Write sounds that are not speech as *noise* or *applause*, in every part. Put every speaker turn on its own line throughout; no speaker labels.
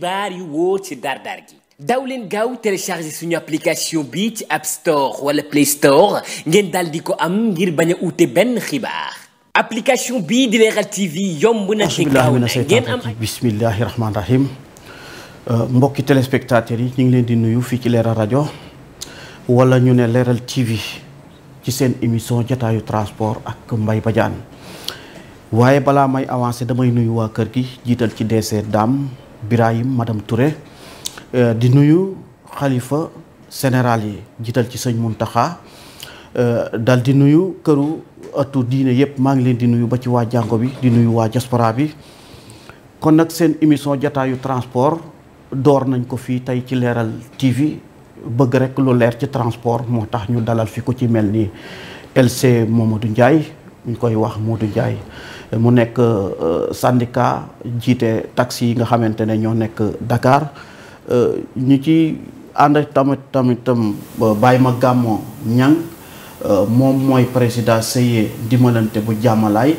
xibaar yu wóor ci dar-dar gi. daw leen gaaw télécharger suñu application bi ci app store wala play store ngeen daal di ko am ngir bañ a uute benn xibaar.
application bii di Leral TV yomb na. te gaaw na ngeen am bismillahi rahmaani rahim euh, mbokki téléspectateurs yi ñu ngi leen di nuyu fii ci Leral rajo wala ñu ne leeral TV ci seen émission jataayu transport ak Mbaye Badiane waaye balaa may avancé damay nuyu waa kër gi jiital ci DG Dame Birahim madame Touré euh, di nuyu xalifa général yi jiital ci sëñ Muntaxa euh, dal di nuyu këru ëttu diine yëpp maa ngi leen di nuyu ba ci waa jàngo bi di nuyu waa diaspora bi kon nag seen émission jataayu transport door nañ ko fii tey ci leeral TV bëgg rek lu leer ci transport moo tax ñu dalal fi ko ci mel ni LC Momadou Ndiaye ñu koy wax moo du Ndiaye mu nekk euh, syndicat jiite taxi yi nga xamante ne ñoo nekk Dakar euh, ñu ci ànd tamit tamitam Baye ma gàmmo ñang euh, moom mooy président seye dimbalante bu jàmmalaay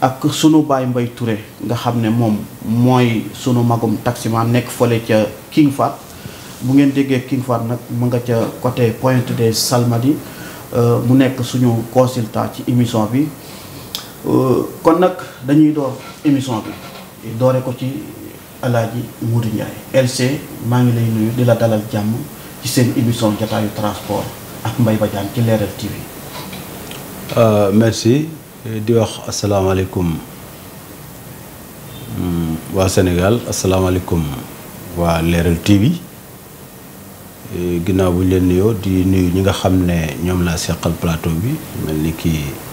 ak sunu baay Mbay Touré nga xam ne moom mooy sunu magum ma nekk fële ca King Fahd bu ngeen déggee King Fahd nag mu nga ca côté Pointe des Salmadies mu nekk suñu consultant ci émission bi Euh, kon nag dañuy door émission bi doore ko ci alaaji Modou Ndiaye LC maa ngi lay nuyu di la dalal jàmm ci seen émission jataayu transport ak Mbaye Badiane ci Leral TV euh, merci di wax
asalaamaaleykum hmm, waa Sénégal asalaamaaleykum waa Leral TV ginnaaw bu ñu leen nuyoo di nuyu ñi nga xam ne ñoom laa seqal plateau bi mel ni kii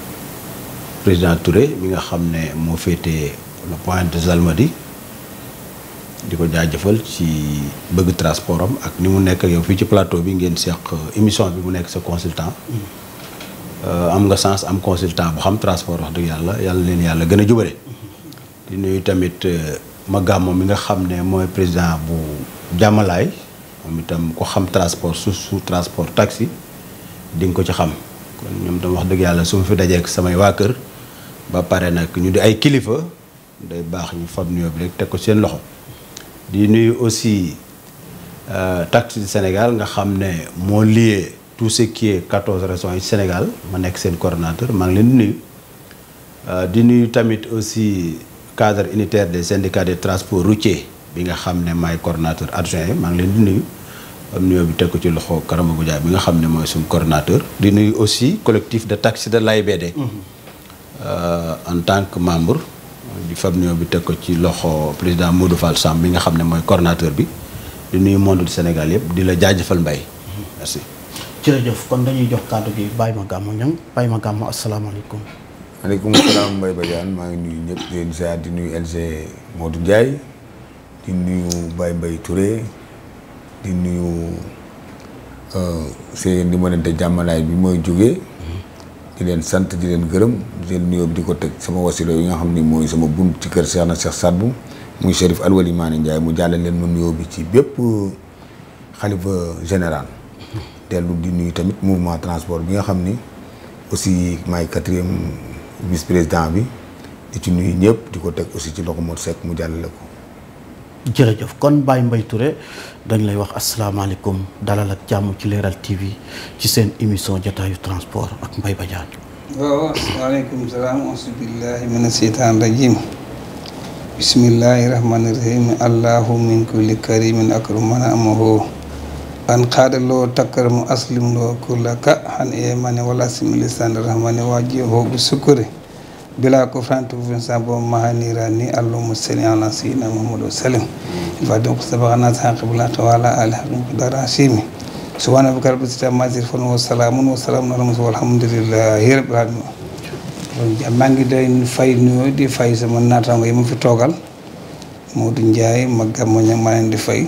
président Touré mi nga xam ne moo féete la point de Zalmadi di ko jaajëfal ci bëgg transport ak ni mu nekk yow fii ci plateau bi ngeen seq euh, émission bi mu nekk sa consultant euh, am nga sens am consultant bu xam transport wax dëgg yàlla yàlla leen yàlla gën a jubale di nuyu tamit euh, ma gàmmo mi nga xam ne mooy président bu jàmmalaay moom itam ko xam transport su su transport taxi di nga ko ci xam kon ñoom tam wax dëgg yàlla su ma fi dajeek samay waa kër ba pare nag ñu di ay kilifa day baax ñu fab nuyoo bi rek teg ko seen loxo di nuyu aussi euh, Taxi du Sénégal nga xam ne moo lié tout ce qui est quatorze yi Sénégal ma nekk seen cordinateur maa ngi leen di nuyu euh, di nuyu tamit aussi cadre unitaire des syndicats de transport routier bi nga xam ne maay coordonnateur adjoint maa ngi leen di nuyu am nuyoo bi teg ko ci loxo Karamba Goudiaye bi nga xam ne mooy suñu cordinateur di nuyu aussi collectif de taxi de l'AIBD mm-hmm. Euh, en tant que membre di fab ñoo bi teg ko ci loxo président Modou Fall bi nga xam ne mooy coordonnateur bi di nuyu monde du Sénégal yëpp di la jaajëfal mbay merci.
jërëjëf kon dañuy jox kàddu gi Baye Magamou Niang Baye Magamou asalaamaaleykum.
maaleykum salaam Mbaye
Badiane maa ngi nuyu ñëpp di leen ziar di nuyu LG Modou Ndiaye di nuyu Baye Mbaye Touré di nuyu euh, seen di mënante jàmmalaay bi mooy jógee. di leen sant di leen gërëm di leen nuyoo bi di ko teg sama wasilo yi nga xam ni mooy sama bunt ci kër seex na Cheikh Sadbu muy Chérif Alwali Maane Ndiaye mu jàllale leen ma nuyoo bi ci bépp xalifa général dellu di nuyu tamit mouvement transport bi nga xam ni aussi may quatrième vice président bi di ci nuyu ñëpp di ko teg aussi ci loxo Modou Seck mu la ko
jërëjëf kon Baye Mbaye Touré dañ lay wax asalaamaaleykum dalal ak jàmm ci Leral TV ci seen émission jotaayu transport ak Mbaye Badiane.
waaw waaleykum salaam auzu billaahi mina seytaani rajiim bismillaahi rahmaani rahiim allahu min kulli karimin akramana amahu an qaadaloo takkaram aslim loo kullaka han e mane wala simili sande rahmani sukkure bila kufran tufun sabo mahanirani allahumma salli ala sayyidina muhammad wa sallim الفاتحة مصطفى الناس حق بالحق وعلى آل حق مقدار عشيمي سبحان ربك رب العزة عما يصفون وسلام وسلام maa ngi doon fay nuyoo di fay sama naataango yi mu fi toogal di Ndiaye ma gàmmoñ ma leen di fay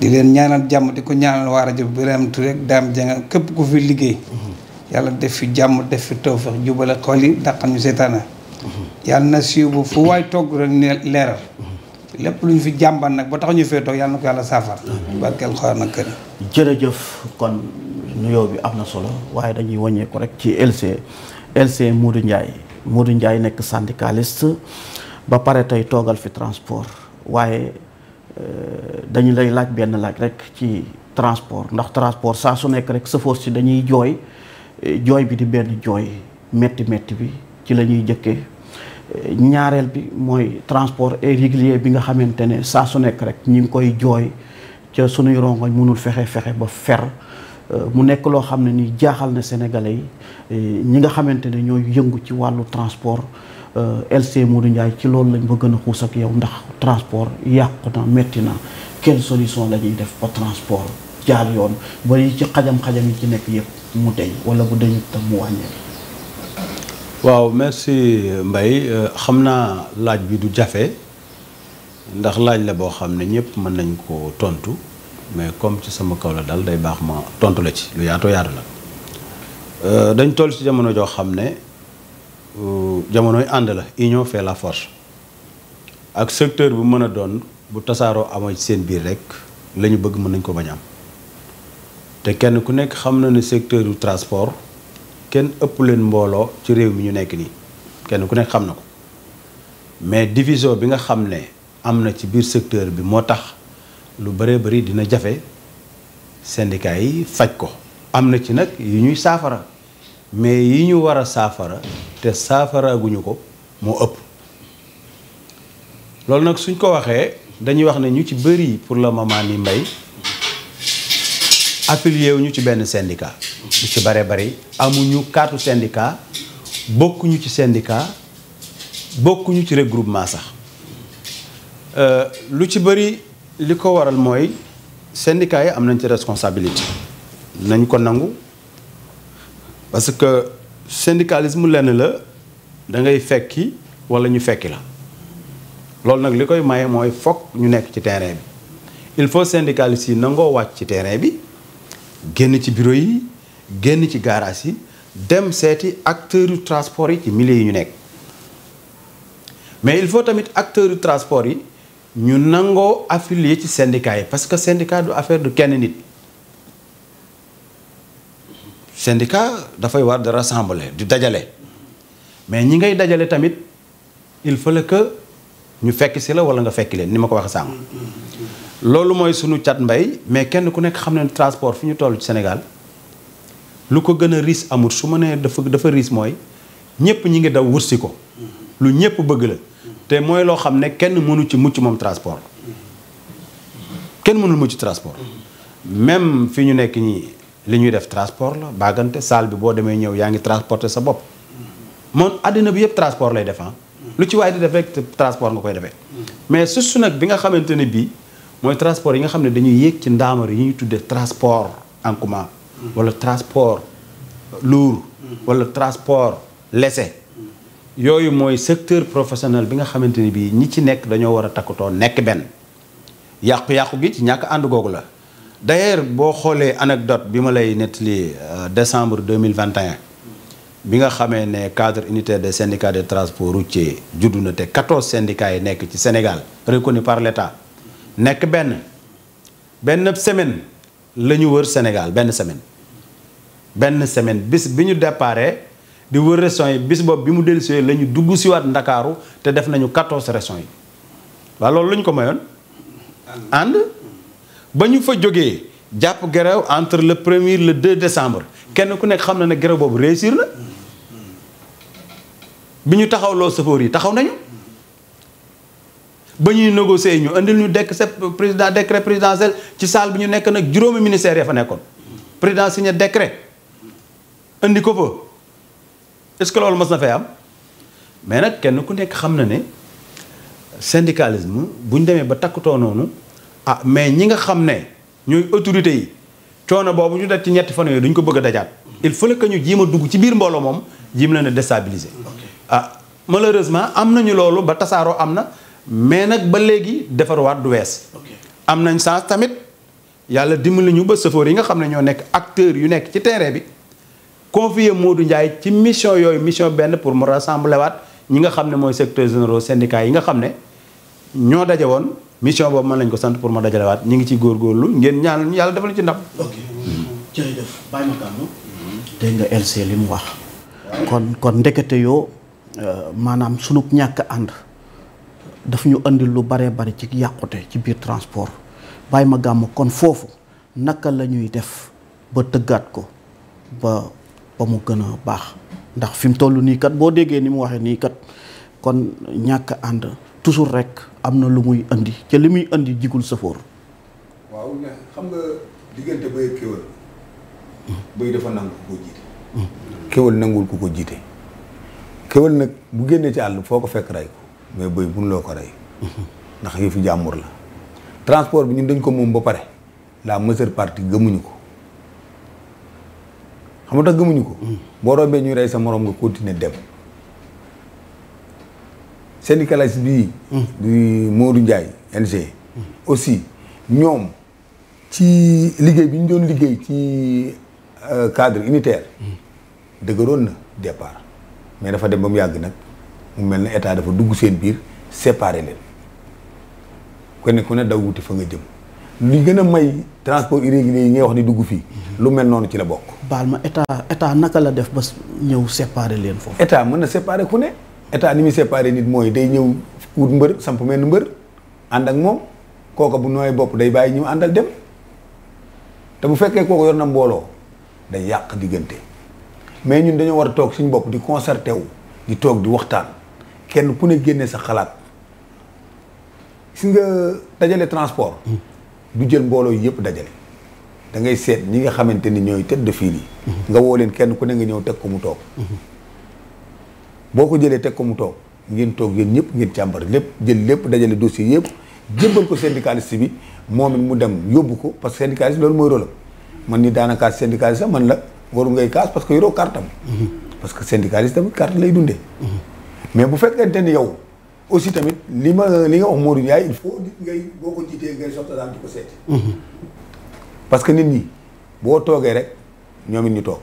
di leen ñaanal jàmm di ko ñaanal waa rajo Birame Touré rek daam janga képp ku fi liggéey mm-hmm. yàlla def fi jàmm def fi tawfeex jubale xol yi dàqal ñu seytaane yàlla na siiw bu fu waaye togg rek ne leeral lépp lu ñu fi jàmban nag boo tax ñu fee toog yàlla na ko yàlla saafara barkeel
xaar na kër jërëjëf kon nuyoo bi am na solo waaye dañuy wàññeeku rek ci LC LC Modou Ndiaye Modou Ndiaye nekk syndicaliste ba pare tey toogal fi transport waaye euh, dañu lay laaj benn laaj rek ci transport ndax transport saa su nekk rek sëfoor si dañuy jooy jooy bi di benn jooy metti metti bi ci la ñuy jëkkee ñaareel bi mooy transport irrégulier bi nga xamante ne saa su nekk rek ñi ngi koy jooy ca sunuy rongoñ mënul fexe fexe ba fer euh, mu nekk loo xam ne ni jaaxal na sénégalais yi euh, ñi nga xamante ne ñoo yëngu ci wàllu transport euh, LC Modou Ndiaye ci loolu lañ bëgg a xuus ak yow ndax transport yàqu na métti na kenn solution la ñuy def ba transport jaar yoon ba yi ci xajam-xajam yi ci nekk yëpp mu deñ wala bu deñ tam mu wàññeeku.
waaw merci mbay euh, xam naa laaj bi du jafe ndax laaj la boo xam ne ñëpp mën nañ ko tontu mais comme ci sama kaw la dal day baax ma tontu la ci lu yaatoo yaatu la euh, dañ toll ci jamono joo xam ne euh, jamonoy ànd la union fait la force ak secteur bu mën a doon bu tasaaroo amoo seen biir rek la ñu bëgg mën nañ ko bañ am te kenn ku nekk xam na ne secteur du transport kenn ëpp leen mbooloo ci réew mi ñu nekk nii kenn ku ne xam na ko mais division bi nga xam ne am na ci biir secteur bi moo tax lu bëree bari dina jafe syndicat yi faj ko. am na ci nag yu ñuy saafara mais yi ñu war a saafara te saafaraaguñu ko moo ëpp loolu nag suñ ko waxee dañuy wax ne ñu ci bëri pour le moment ni mbay. appelier wuñu ci benn syndicat lu ci bare bari amuñu carte syndicat bokkuñu ci syndicat bokkuñu ci regroupement sax euh, lu ci bëri li ko waral mooy syndicat yi am nañ ci responsabilité nañ ko nangu parce que syndicalisme lenn la da ngay fekki walla ñu fekki la loolu nag li koy maye mooy fokk ñu nekk ci terrain bi il faut syndicalistes yi nangoo wàcc ci terrain bi génn ci bureau yi génn ci garage yi dem seeti acteur yu transport yi ci milieu yi ñu nekk mais il faut tamit acteurs yu transport yi ñu nangoo affilié ci syndicat yi parce que syndicat du affaire du kenn nit syndicat dafay war de rassembler du dajale mais ñi ngay dajale tamit il faut que ñu fekk si la walla nga fekk leen ni ma ko waxee sànq. loolu mooy sunu cat mbay mais kenn ku nekk xam ne transport fi ñu toll ci Sénégal lu ko gën a riis amut su ma nee dafa dafa riis mooy ñëpp ñi ngi daw wursi ko lu ñëpp bëgg la te mooy loo xam ne kenn mënu ci mucc moom transport kenn mënul mucc transport même fi ñu nekk ñi li ñuy def transport la baagante saal bi boo demee ñëw yaa ngi transporter sa bopp moom àddina bi yëpp transport lay def ah. lu ci waay di def rek transport nga koy defee mais mooy transport yi nga xam ne dañuy yéeg ci ndaamar yi ñu tuddee transport en commun wala transport lourd wala transport lese yooyu mooy secteur professionnel bi nga xamante ni bii ñi ci nekk dañoo war a takkatoo nekk benn yàqu-yàqu gi ci ñàkk ànd googu la d'ailleurs boo xoolee anecdote bi ma lay nettali euh, décembre 2021 bi nga xamee ne cadre unitaire de syndicats de transport routier juddu na te 14 syndicats yi nekk ci Sénégal reconnus par l'État nekk benn benn semaine la ñu wër Sénégal benn semaine benn semaine bis bi ñu déparé di wër régions yi bis boobu bi mu dellusee la ñu dugg siwaat Ndakaaru te def nañu quatorze régions yi waaw loolu lu ñu ko mayoon ànd ba ñu fa jógee jàpp grève entre le premier le 2 décembre kenn ku nekk xam na ne grève boobu réussir na bi ñu taxawloo sëfoor yi taxaw nañu ba ñuy négocier ñu indil ñu dekk set président décret présidentiel ci saal bi ñu nekk nag juróomi ministère ya fa nekkoon président signé décret indi ko fa est-ce que loolu mës na fay am mais nag kenn ku nekk xam na ne syndicalisme bu ñu demee ba takkutoo noonu ah mais ñi nga xam ne ñooy autorités yi coono boobu ñu def ci ñetti fan yooyu duñ ko bëgg dajaat il faut que ñu jéem a dugg ci biir mbooloo moom jéem leen a déstabiliser ah malheureusement am nañu loolu ba tasaaroo am na mais nag ba léegi defarwaat du wees am nañ chance tamit yàlla dimbali ñu ba chauffeur yi nga xam ne ñoo nekk acteur yu nekk ci terrain bi confier Modou Ndiaye ci mission yooyu mission benn pour mu rassembler waat ñi nga xam ne mooy secteur généraux syndicat yi nga xam ne ñoo daje woon mission boobu mën lañ ko sant pour ma dajale
waat ñu ngi ci góorgóorlu ngeen ñaan yàlla defal ci ndam. ok jërëjëf nga LC li mu wax. kon kon ndekete yoo euh, maanaam sunub ñàkk ànd. daf ñu andil lu baree bari ci yàqute ci biir transport bàyyi ma gàmm kon foofu naka la ñuy def ba tëggaat ko ba ba mu gën baax ndax fi mu toll nii kat boo déggee ni mu waxee nii kat kon ñàkk ànd toujours rek am na lu muy indi ca li muy indi jigul sëfoor
waaw mais xam nga diggante bay kéwal bay dafa nangu ku ko jiite hmm. kéwal nag bu génnee ci àll foo ko fekk rey mais bëy bu loo ko rey ndax yëfi jàmbur la transport bi ñu dañ ko moom ba pare la majeure partie gëmuñu ko xam nga tax gëmuñu ko hmm. boo rombee ñuy rey sa moroom nga continuer dem syndicaliste bii hmm. du Modou Ndiaye NG hmm. aussi ñoom ci liggéey bi ñu doon liggéey ci euh, cadre unitaire dëgëroon na départ mais dafa dem ba mu yàgg nag mu mel ne état dafa dugg seen biir séparer leen kon ne ku ne daw wuti fa nga jëm li gën a may transport irrégulier yi ngay wax ni dugg fii lu mel noonu ci la bokk.
baal ma état état naka la def ba ñëw séparer leen foofu.
état mën na séparer ku ne état ni muy séparer nit mooy day ñëw wut mbër samp mel ni mbër ànd ak moom kooka bu nooy bopp day bàyyi ñu àndal dem te bu fekkee kooka yor na mbooloo day yàq diggante mais ñun dañoo war a toog suñu bopp di concerté wu di toog di waxtaan. kenn ku ne génne sa xalaat si nga dajale transport. Hmm. du jël mbooloo yëpp dajale. da ngay seet ñi nga xamante ni ñooy tête de file yi. nga woo leen kenn ku ne nga ñëw teg ko mu toog. Hmm. boo ko jëlee teg ko mu toog ngeen toog yéen ñëpp ngeen càmbar lépp jël lépp dajale dossier yëpp jébbal ko syndicaliste bi moom it mu dem yóbbu ko parce que syndicaliste loolu mooy rôle man ni daanaka syndicaliste man la waru ngay kaas parce que yoroo kartam hmm. parce que syndicaliste tamit lay dundee. mais bu fekkente ni yow aussi tamit li ma li nga wax Modou Ndiaye il faut nit ngay boo ko jiitee ngay soxla daal di ko seeti. Mm-hmm. parce que nit ñi boo toogee rek ñoom ñu toog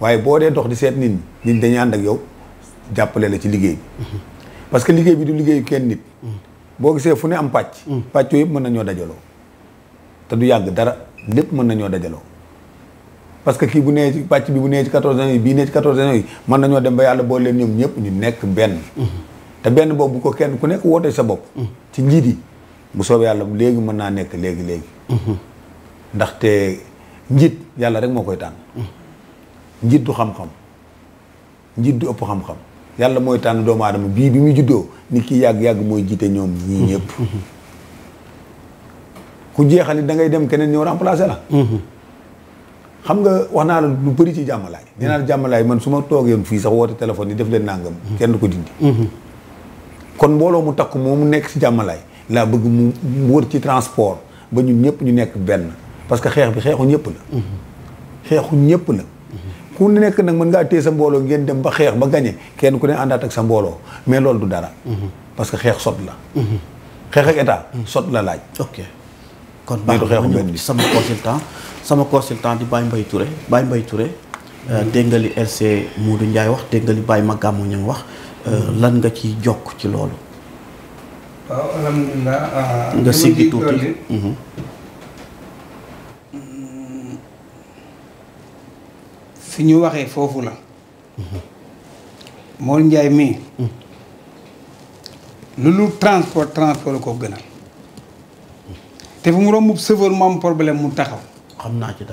waaye boo dee dox di seet nit ñi nit dañuy ànd ak yow jàppale la ci liggéey bi. Mm-hmm. parce que liggéey bi du liggéey kenn nit. Mm-hmm. boo gisee fu ne am pàcc. pàcc yëpp mën nañoo dajaloo te du yàgg dara lépp mën nañoo dajaloo. parce que kii bu nee ci pàcc bi bu nee ci quatorze ans yi bii nee ci quatorze ans yi mën nañoo dem ba yàlla boole leen ñoom ñëpp ñu nekk benn te benn boobu bu ko kenn ku nekk woote sa bopp ci njiit yi bu soobee yàlla léegi mën naa nekk léegi léegi ndax te njiit yàlla rek moo koy tànn njiit du xam-xam njiit du ëpp xam-xam yàlla mooy tànn doomu adama bii bi muy juddoo ni kii yàgg-yàgg mooy jiite ñoom ñii ñëpp ku jeexali da ngay dem keneen ñëw remplacer la xam nga wax naa la lu bëri ci jàmmalaay nee naa la jàmmalaay man su ma toogeeyoon fii sax woote téléphone yi def leen nangam. kenn du ko dindi. Mhm. kon mbooloo mu takk moo mu nekk ci jàmmalaay laa bëgg mu wër ci transport ba ñun ñëpp ñu nekk benn parce que xeex bi xeexu ñëpp la. Mhm. xeexu ñëpp la. Mhm. ku nekk nag mën ngaa téye sa mbooloo ngeen dem ba xeex ba gañe kenn ku ne àndaat ak sa mbooloo mais loolu du
dara. parce que xeex sot la. xeex ak état sot la laaj. ok kon baax na sama consultant sama consultant di Baye Mbaye Touré Baye Mbaye Touré euh, dégg nga li LC Modou wax dégg nga li Baye Magamou ñu wax euh, lan nga ci jokk ci loolu.
waaw alhamdulilah. Ah, nga tuuti
mhm. mm,
fi ñu waxee foofu la. Mhm. Mor njaay mii. Mhm. lu lu transport transport ko gënal. te fu mu romb chauffeur mu am problème mu taxaw. xam naa ci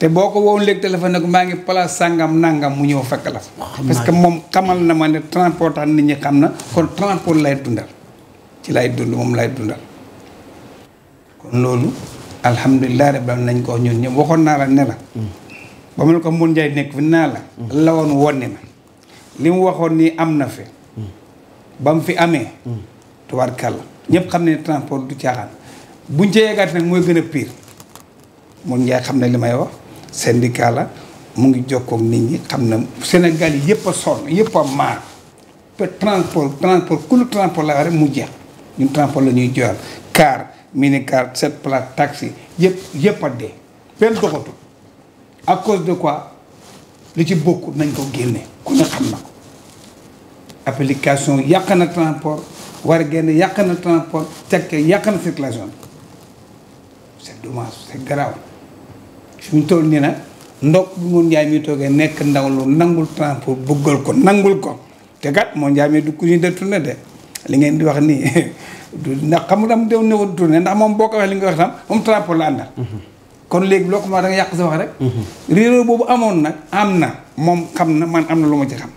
te boo ko woon léegi fa nag maa ngi place sàngam nangam mu ñëw fekk la fa. parce que moom xamal na ma ne transport nit ñi xam na kon transport lay dundal ci lay dund moom lay dundal. kon loolu alhamdulilah rabbil nañ ko ñun ñëpp waxoon naa la ne la. Hmm. ba mu ne ko mun njaay nekk fi naa la. Hmm. lawoon woon na li mu waxoon nii am na fi. Hmm. ba mu fi amee. tubaarkàlla ñëpp xam ne transport du caaxaan. buñ ca yeggaati nag mooy gën a piir moom njaay xam ne li may wax syndicat la mu ngi jokkoog nit ñi xam na Sénégal yi yëpp a sonn yëpp a maar transport transport ku lu transport la war mu jeex ñun transport la ñuy joyal car mini car sept places taxi yëpp yëpp a dee benn doxatu à cause de quoi li ci bokk nañ ko génne ku ne xam na ko application yàq na transport war a génn yàq na transport teg yàq na circulation c'est dommage c'est grave suñ toll nii nag ndokk bi moom Njaay mi toogee nekk ndaw lu nangul transport bëggal ko nangul ko te gat moom Njaay mi du ku ñu de tourné de li ngeen di wax nii *laughs* ndax xamul am déw néew tourné ndax moom boo ko waxee li nga wax tam moom transport la àndal mhm. kon léegi loo ko ma da yàq sa wax rek mhm. réeróo boobu amoon nag am na moom xam na man am na lu ma ci xam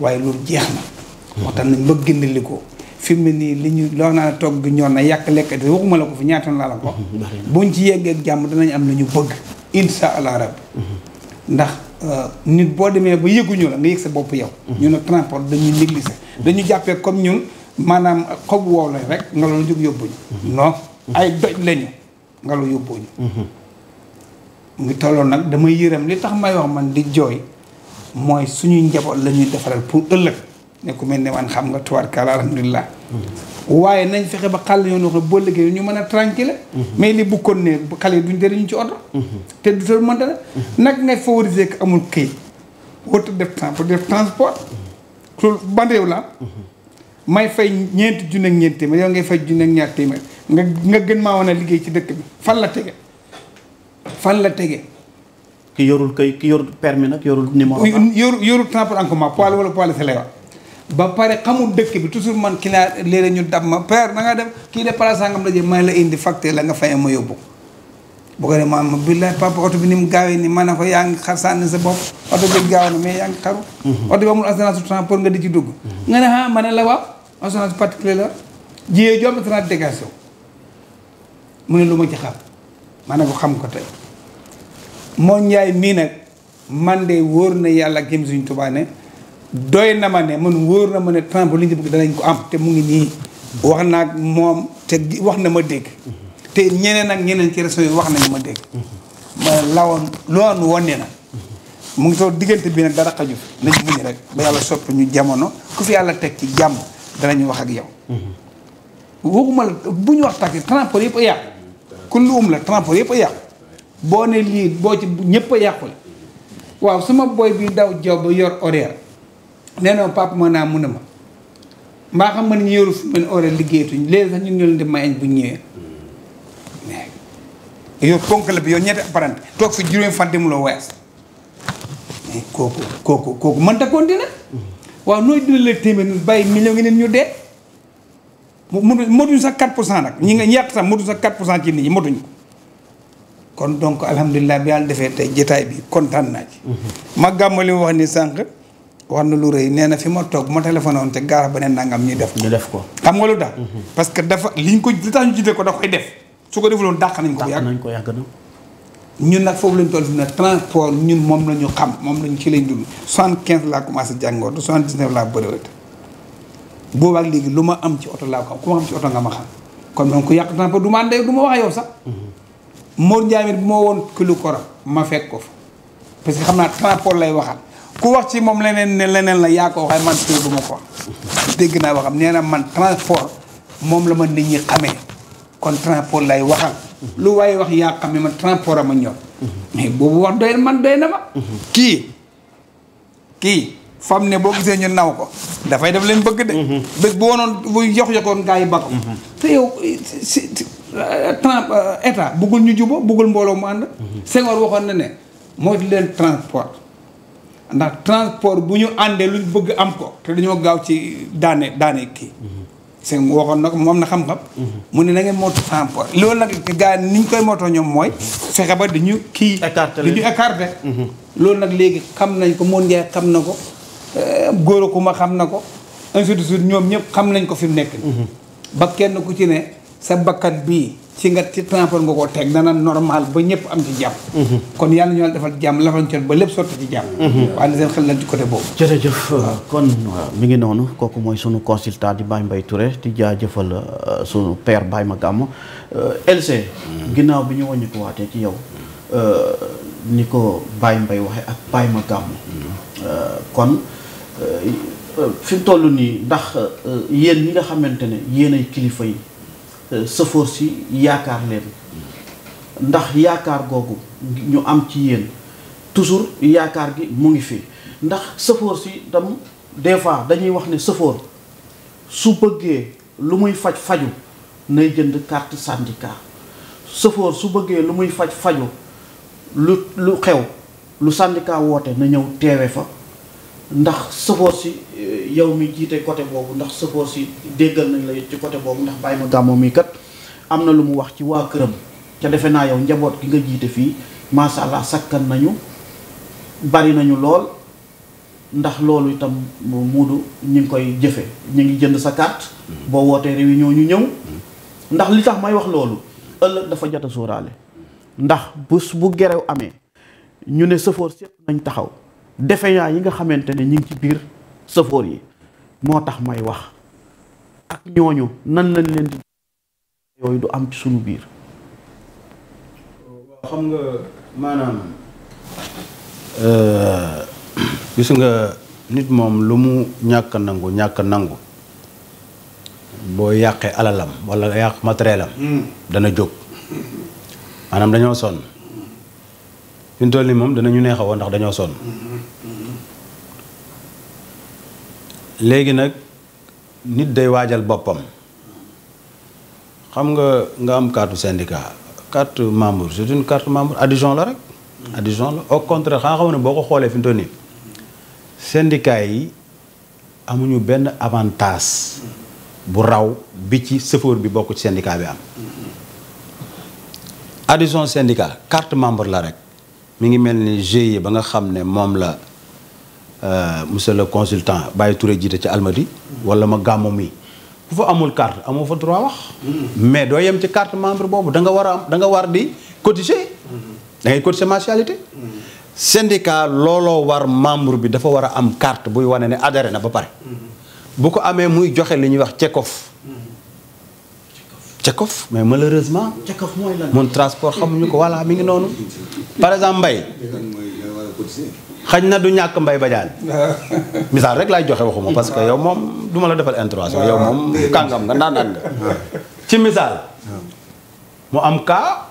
waaye loolu jeex na mhm. moo tax nañ bëgg gëndali ko fi mu ne nii li ñu loo naan togg ñor na yàq lekk te waxuma la ko fi ñaata laa la ko. buñ ci yeggee ak jàmm danañ am lu ñu bëgg. insha allah rab
mm-hmm.
ndax euh, nit boo demee ba yëguñu la nga yëg sa bopp yow. Mm-hmm. ñu ne transport dañuy négliger. Mm-hmm. dañu jàppee comme ñun maanaam xob woow la rek nga loolu jóg yóbbuñu. non ay doj lañu ngi tolloon nag damay yërëm li tax may wax man di jooy mooy suñuy njaboot lañuy ñuy defaral pour ëllëg. ne ku mel ne man xam nga tubarkalla alhamdulilah. waaye nañ fexe ba xale yoo xam boo liggéey ñu mën a tranquille mais li bukkoon ne xale yi duñ jëriñu ci oto. te du teel mënta nag ngay favoriser ko amul këy. warut def temps pour def transport. loolu ban réew may fay ñeenti junne ak ñeenti téeméer yow ngay fay junne ak ñaar téeméer nga nga gën maa woon liggéey ci dëkk bi fan la tege fan la tege. ki yorul kay ki yorul permis nag yorul numéro. yorul yorul transport en commun poids wala poids la sa lay wax ba pare xamul dëkk bi toujours man client léeg-léeg ñu dab ma père na dem kii de place sangam la jëm maa la indi facture la nga fayee ma yóbbu. bu ko defee maanaam billaay papa oto bi ni mu gaawee nii man na ko yaa ngi xar sànni sa bopp oto bi gaaw na mais yaa ngi xaru. Mhm. oto bi amul assurance pour nga di ci dugg. Mhm. nga ne ah ma ne la waaw assurance particulier la jiyee jom transportation mu ne lu ma ci xam ma ne ko xam ko tey. moo njaay mii nag man de wóor na yàlla ak jëm suñu doy na ma ne mën wóor na ma ne temps li ñu bëgg danañ ko am te mu ngi nii wax naa ak moom te wax na ma dégg te ñeneen ak ñeneen ci réseau wax nañu ma dégg ma lawoon loon wonne na mu ngi toog diggante bi dara xaju nañ muñ rek ba yàlla soppi ñu jamono ku fi yàlla teg ci jàmm danañu wax ak yow waxuma la bu ñu wax taxi transport yëpp a yàqu ku lu um la transport yëpp a yàqu boo ne lii boo ci ñëpp a yàqu la waaw sama boy bi daw job yor horaire nee na papa mën naa mun a ma mbaa xam man ñu yoru fu mel ore liggéeyatuñ léegi sax ñun ñoo leen di mayañ bu ñëwee yow ponk la bi yow ñetti apparente toog fi juróomi fan demuloo wees kooku kooku kooku mënta continuer waaw nooy dina la téeméer bàyyi million ngi neen ñu dee mu motuñ sax 4 pour cent nag ñi nga yàq sax motuñ sax 4 pour cent ci nit ñi motuñ kon donc alhamdulilah bi yàlla defee tey jotaay bi kontaan naa ci mm-hmm. ma gàmmali wax sànq war na lu rëy nee na fi ma toog ma téléphoné woon te gaara beneen ne nangam ñu def ñu def ko xam nga lu tax mhm. parce que dafa li liñ ko li tax ñu jiite ko da koy def su ko defuloon dàq nañ ko bu yàgg ko yàgg na ñun nag foofu lañ toll fi ne transport ñun moom la ñu xam moom lañ ci lañ dund soixante quinze laa commencé jàngoor te soixante dix neuf laa bëriwat boobaak léegi lu ma am ci oto laa ko xam oto nga kon donc ku yàq transport du ma ànd du ma wax yow sax mhm. Mor Ndiaye moo woon kilo kora ma fekk ko fa parce que xam naa transport lay waxaat ku wax ci moom leneen ne leneen la yaa ko waxee man tuur du ma ko dégg naa waxam nee na man transport moom la ma nit ñi xamee kon transport lay waxal lu waaye wax yaa xamee man transport ama ñor mais boobu wax doy man doy na ma kii kii fam ne boo gisee ñu naw ko dafay def leen bëgg de bés bu wonoon bu yox-yoxoon gaa yi ba ko te yow si trans euh, état buggul ñu juba buggul mbooloo mu ànd Senghor waxoon na ne mooy leen transport ndax transport bu ñu àndee lu ñu bëgg am ko te dañoo gaaw ci daane daanee kii seen waxoon na ko moom na xam-xam mu ne na ngeen mootu transport loolu nag gaa ni ñu koy mootoo ñoom mooy fexe ba di ñu kii dañu
écarté mhm.
loolu nag léegi xam nañ ko moon ngee xam na ko góor ku ma xam na ko ainsi de ñoom ñëpp xam nañ ko fi mu nekk mhm. ba kenn ku ci ne sa bakkan bii ci nga ci transport nga koo teg dana normal ba ñëpp am ci jàmm mhm. kon yàlla ñoo yàlla defal jàmm lafañ cot ba lépp sotti ci jàmm mhm.
waaye na seen xel lan ci côté boobu jërëjëf kon mi ngi noonu kooku mooy suñu consultant di Baye Mbaye Touré di jaajëfal per euh, père Baye Magama euh, LC mhm. ginnaaw bi ñu wàññiku waatee ci yow euh, ni ko Baye mbay waxe ak Baye Magama kon fi mu toll nii ndax yéen yi nga xamante ne yéen ay kilifa yi Euh, sëfoor si yaakaar leen ndax yaakaar googu ñu am ci yéen toujours yaakaar gi mu ngi fi ndax sëfoor si tam des fois dañuy wax ne sëfoor su bëggee lu muy faj faju nay jënd carte syndicat sëfoor su bëggee lu muy faj faju lu lu xew lu syndicat woote na ñëw teewe fa ndax sëfoo si eh, yow mi jiite côté boobu ndax sëfoo si déggal nañ la ci côté boobu ndax bàyyi ma gàmmoo mi kat am na lu mu wax ci waa këram te defe naa yow njaboot gi nga jiite fii macha allah sakkan nañu bari nañu lool ndax loolu itam muudu ñu ngi koy jëfe ñu ngi jënd sa carte mm-hmm. boo wootee réunion ñu ñëw mm-hmm. ndax li tax may wax loolu ëllëg dafa jot a ndax bu bu gerew amee ñu ne sëfoor sépp nañ taxaw defeyaa yi nga xamante ne ñu ngi ci biir safoor yi moo tax may wax ak ñooñu nan lañ leen di yooyu du am ci suñu biir
xam nga maanaam euh, gis nga nit moom lu mu ñàkk nangu ñàkk nangu boo yàqee alalam wala yàq matériel am hmm. dana jóg maanaam dañoo sonn fi mu toll nii moom danañu neex a woo ndax dañoo sonn léegi nag nit day waajal boppam xam nga nga am carte syndicat carte membre c'est une carte membre adhésion la rek. adhésion la au contraire xam xam ne boo ko xoolee fi mu nii syndicat yi amuñu benn avantage bu raw bi ci sëfoor bi bokk ci syndicat bi am. adhésion syndicat carte membre la rek. mi ngi mel ni GIE ba nga xam ne moom la euh, monsieur le consultant Baye Touré jiite ci Almadi wala ma gàmmu mii ku fa amul carte amoo fa droit wax. Mm-hmm. mais doo yem ci carte membre boobu da nga war a am da nga war di cotiser. Mm-hmm. da ngay cotiser mensualité. Mm-hmm. syndicat looloo war membre bi dafa war a am carte buy wane ne adhéré na ba pare. bu ko amee muy joxe li ñuy wax cekof Tchekov mais malheureusement.
Tchekov mooy lan moom
transport xamuñu ko voilà mi ngi noonu. par exemple mbay. xaj na du ñàkk mbay bajaan *laughs* misaal rek laay joxe waxuma parce que yow moom du ma la defal intervention yow moom kàngam nga ndaanaan nga ci misaal mu am cas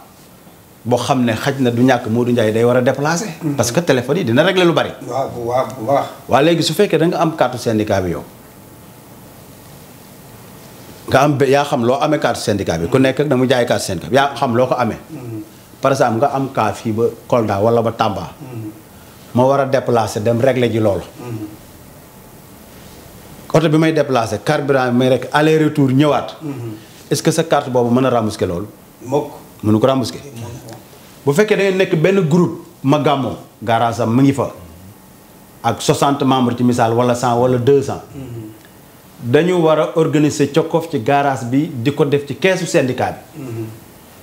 boo xam ne xaj na du ñàkk du Ndiaye day war a déplacer mm-hmm. parce que téléphone yi dina régler lu bari waaw léegi su fekkee da am carte syndicat yow nga am yaa xam loo amee carte syndicat bi ku nekk rek na mu jaay carte syndicat bi yaa xam loo ko amee. Mm-hmm. par exemple nga am cas fii ba Kolda wala ba Tamba. Mm-hmm. ma war a déplacer dem régler ji loolu. Mm-hmm. oto bi may déplacer carburant bi may rek aller retour ñëwaat. est-ce sa carte boobu mën a remboursé loolu. mokk mënu ko remboursé. bu fekkee da ngeen nekk benn groupe ma gàmmoo garage am mu ngi fa. ak 60 membres ci misaal wala 100 wala 200. dañu war a organiser cokkof ci garage bi di ko def ci keesu syndicat
bi. Mm-hmm.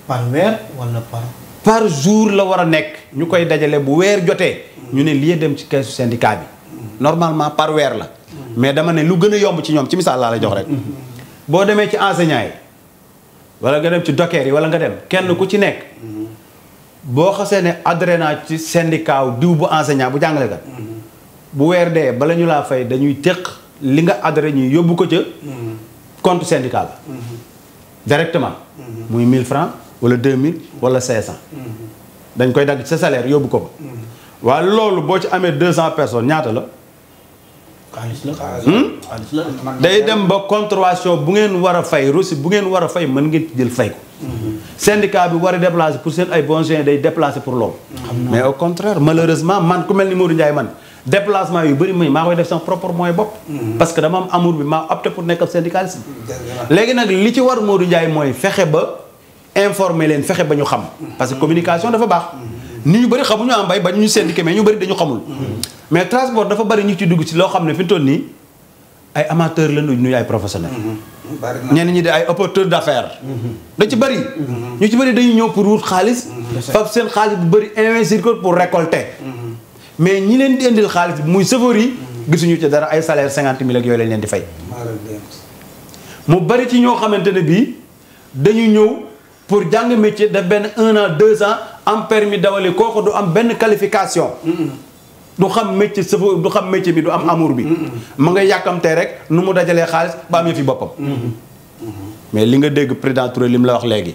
par weer wala par.
par jour la war a nekk ñu koy dajale bu weer jotee. Mm-hmm. ñu ne liy dem ci keesu syndicat bi. Mm-hmm. normalement par weer la. mais dama ne lu gën a yomb ci ñoom ci misaal laa la jox rek. boo demee ci enseignant yi wala nga dem ci docker yi wala nga dem kenn ku ci nekk. boo xasee ne adhéré naa ci syndicat diw bu enseignant bu jàngalekat. bu weer dee bala ñu laa fay dañuy tëq. li nga adhéré ñi yóbbu ko ca mm-hmm. compte syndical mm-hmm. directement mm-hmm. muy mille francs wala 2000 wala
500
dañ koy dagg ci sa salaire yóbbu ko ba waaye loolu boo ci amee deux 200 personnes ñaata la
xaalis la xaalis la hmm? day dem
ba contravention bu ngeen war a fay reçu bu ngeen war a fay mën ngeen jël fay ko syndicat bi war a déplacer pour seen ay bons gens day déplacer pour loolu mais au contraire malheureusement man ku mel ni Modou Ndiaye man déplacement yu bëri muy maa koy def sama propre moyen bopp. Mhm. parce que dama am amour bi maa opté pour nekk ab syndicaliste. léegi nag li ci war Modou Ndiaye mooy fexe ba informer leen fexe ba ñu xam. Mhm. parce que communication dafa baax. Mhm. ni ñu bëri xamuñu mbay ba ñu syndiqué mais ñu bëri dañu xamul. mais transport dafa bëri ñu ci dugg ci loo xam ne fi mu toll nii ay amateur la ñu ñu ay professionnel. ñenn ñi di ay opérateur d'affaires. da ci bëri. ñu ci bëri dañu ñëw pour wut xaalis. fab seen xaalis bu bëri investir ko pour récolter. mais ñi leen di indil xaalis bi muy chauffeur yi gisuñu ci dara ay salaire cinquante mille ak yooyu lañ leen di fay mu bari ci ñoo xamante ne bii dañu ñëw pour jàng métier daf benn un an deux ans am permis dawali kooku du am benn qualification du xam métier chauffeur du xam métier bi du am amur bi mu nga yàkkamtee rek nu mu dajalee xaalis ba amee fi boppam mais li nga dégg président Touré li mu la wax léegi.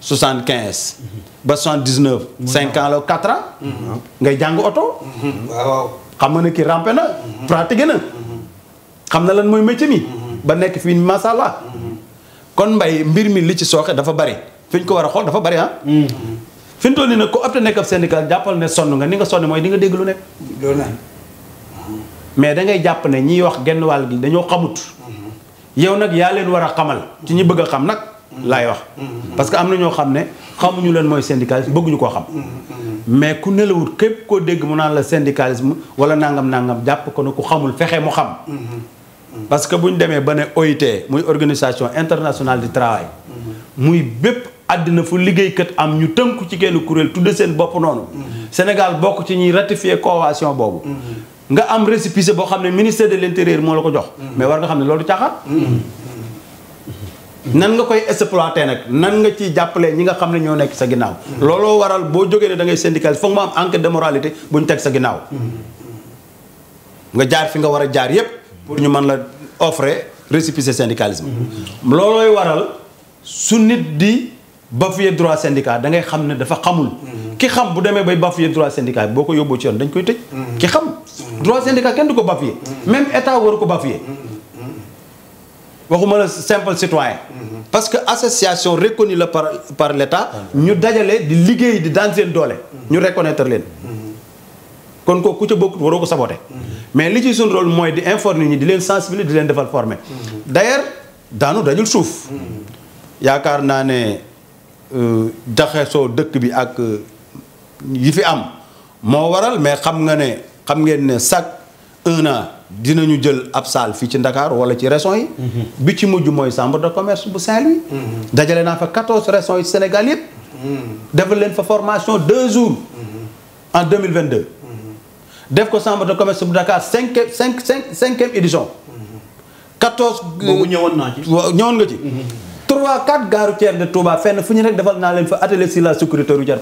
75. ba 79. 5 ans la 4 ans. ngay jàng oto. Mmh. waaw xam nga ne kii rampe na. Mmh. pratiqué na. Mmh. xam na lan mooy métier mi. ba nekk fii macha allah. kon mbay mbir mi li ci sooxe dafa bari fi ñu ko war a xool dafa bari ah. fi ñu toll nii nag ku opté nekk ab syndicat jàppal ne sonn nga ni nga sonn mooy di nga dégg lu nekk. mais dangay jàpp ne ñiy wax genn wàll gi dañoo xamut. yow nag yaa leen war a xamal ci ñi bëgg a xam nag laay wax parce que am na ñoo xam ne xamuñu leen mooy syndicalisme bëgguñu koo xam mais ku nelawut képp koo dégg mu naan la syndicalisme wala nangam nangam jàpp ko ne ku xamul fexe mu xam parce que bu ñu demee ba ne OIT muy organisation internationale du travail muy bépp àddina fu liggéeykat am ñu tënku ci genn kuréel tudde seen bopp noonu Sénégal bokk ci ñuy ratifier convention boobu nga am récépissé boo xam ne ministère de l' intérieur moo la ko jox. Mm-hmm. mais war nga xam ne loolu caaxaan. Mm-hmm. nan nga koy exploité nag nan nga ciy jàppale ñi nga xam ne ñoo nekk sa ginnaaw. Mm-hmm. looloo waral boo jógee ne da ngay syndical foog am enquête de moralité bu ñu teg sa ginnaaw. nga jaar fi nga war a jaar yépp pour ñu man la offrir récépissé syndicalisme. loolooy waral su nit di ba fuyee droit syndicat da ngay xam ne dafa xamul. ki xam bu demee bay bafouer droit syndical boo ko yóbboo ci yoon dañ koy tëj. ki xam droit syndical kenn du ko bafouer. même état waru ko bafouer. waxuma la simple citoyen. parce que association reconnue la par par l' ñu dajale di liggéey di daan seen doole. ñu reconnaître leen. kon ko ku ca bokkut waroo ko saboté mais li ci suñu rôle mooy di informer ñi di leen sensibiliser di leen defal former. d' ailleurs daanu dajul suuf. yaakaar naa ne euh, jaxasoo dëkk bi ak. yi fi am moo waral mais xam nga ne xam ngeen ne chaque un an ñu jël ab salle fii ci Ndakaaru wala ci régions yi. Mm-hmm. bi ci mujj mooy chambre de commerce bu Saint-Louis. Mm-hmm. dajale naa fa quatorze régions yi Sénégal yëpp. Mm-hmm. defal leen fa formation deux jours. en deux mille vingt deux. def ko chambre de commerce bu Dakar cinq cinq cinq cinquième édition. quatorze. boobu ñëwoon naa ci. waaw ñëwoon nga ci. trois quatre gare routière de Touba fenn fu ñu rek defal naa leen fa atelier sur la sécurité routière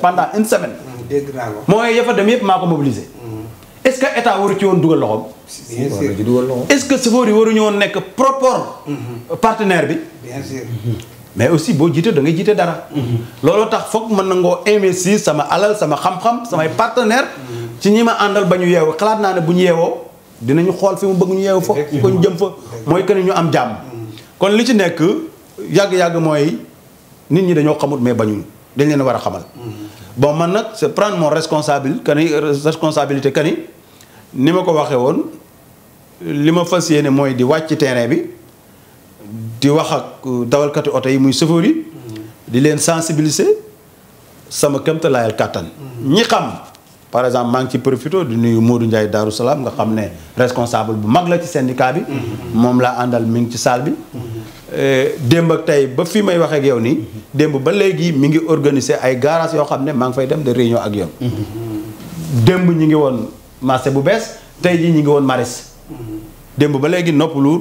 dégg naa ko mooy ya fa dem yëpp maa ko mobilisé. Mm-hmm. est-ce que état waru ci woon dugal loxoom. bien sûr est-ce que chauffeur yi waruñu woon nekk propre mm-hmm. partenaire bi. bien mm-hmm. mais aussi boo jiite da ngay jiite dara. looloo tax foog mën na ngoo investir sama alal sama xam-xam samay partenaire ci ñi ma àndal ba ñu yeewu xalaat naa ne bu ñu yeewoo dinañu xool fi mu bëgg ñu yeewu fa ko ñu jëm fa mooy kër ni ñu am jàmm. kon li ci nekk yàgg-yàgg mooy nit ñi dañoo xamut mais bañuñ dañ leen war a xamal. bon man nag c'est prendre mon responsable kani euh, responsabilité kani ni ma ko waxee woon li ma fas yéene mooy di wàcc terrain bi di wax ak euh, dawalkati oto yi muy chauffeur yi di leen sensibilisé sama kéemtalaayal kàttan mm-hmm. ñi xam par exemple maa ngi ci profito di nuyu Modou Ndiaye Darou Salaam nga xam ne responsable bu mag la ci syndicat bi. moom laa àndal mi ngi ci saal bi. Eh, démb ak tey ba fii may wax ak yow nii. démb ba léegi mi ngi organiser ay garage yoo xam ne maa ngi fay dem de réunion ak yow. démb ñu ngi woon marché bu bees tey jii ñu ngi woon maris démb ba léegi nopp luur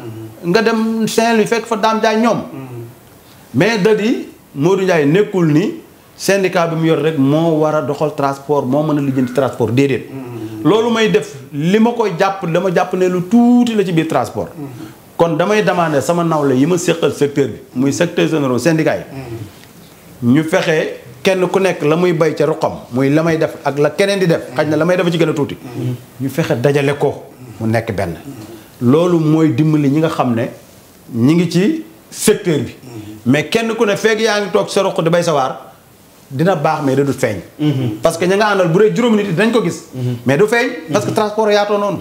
nga dem Saint-Louis fekk fa Dame Ndiaye ñoom. mais da moo du Ndiaye nekkul ni syndicat bi mu yor rek moo war a doxal transport moo mën a lijjanti transport déedéet. Mm-hmm. loolu may def li ma koy jàpp dama jàpp ne lu tuuti la ci biir transport. Mm-hmm. kon damay demander sama nawle yi ma séqal secteur bi muy secteur général syndicat yi.
Mm-hmm.
ñu fexe kenn ku nekk la muy bay ca ruqam muy la may def ak la keneen di def. xaj na la may def ci gën a tuuti. ñu fexe dajale ko mu nekk benn. loolu mooy dimbali ñi nga xam ne ñi ngi ci secteur bi mais kenn ku ne feeg yaa ngi toog sa roq di bay sa dina baax mais da du feeñ parce que ña nga àndal bu dee juróomi nit dinañ ko gis mais du feeñ parce que transport yaatoo noonu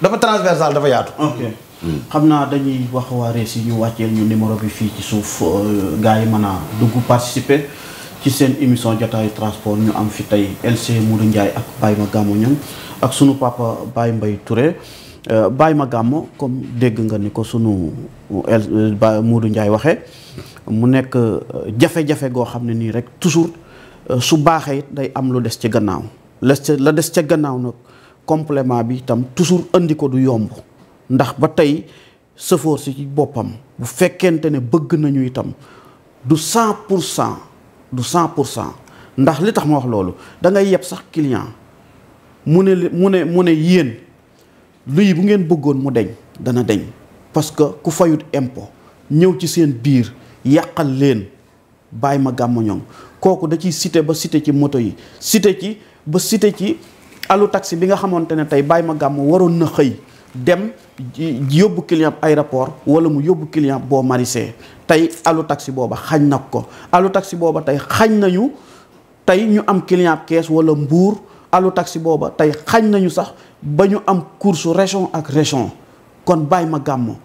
dafa transversal dafa yaatu hmm. xam naa dañuy wax waa rees yi ñu wàcceel ñu numéro bi fii ci suuf euh, gars yi mën a dugg participer ci seen émission jotaayu transport ñu am fi tey LC Modou Ndiaye ak Baye Ma Gamou Niang ak suñu papa Baye Mbaye Touré Euh, bàyyi ma gàmmo comme dégg nga ni ko sunu el ba Moodu Njaay waxee mu nekk euh, jafe-jafe goo xam ne nii rek toujours euh, su baaxee it day am lu des ci gannaaw les ca la des ca gannaaw nag complement bi itam toujours indi ko du yomb ndax ba tey sëfoor si boppam bu fekkente ne bëgg nañu itam du cent pour cent du cent pour cent ndax li tax ma wax loolu da ngay yeb sax client mu ne mu ne mu ne yéen luy bu ngeen bëggoon mu deñ dana deñ parce que ku fayut impôt ñëw ci seen biir yàqal leen bàyyi ma gàmmu ñoom kooku da ciy cité ba cité ci moto yi cité ci ba cité ci alu taxi bi nga xamante ne tey bàyyi ma gàmmu waroon na xëy dem yóbbu client aéroport wala mu yóbbu client boo marisé tey alu taxi booba xañ na ko alu taxi booba tey xañ nañu tey ñu am client kees wala mbuur alu taxi booba tey xañ nañu sax ba ñu am course région ak région kon bàyyi ma gàmm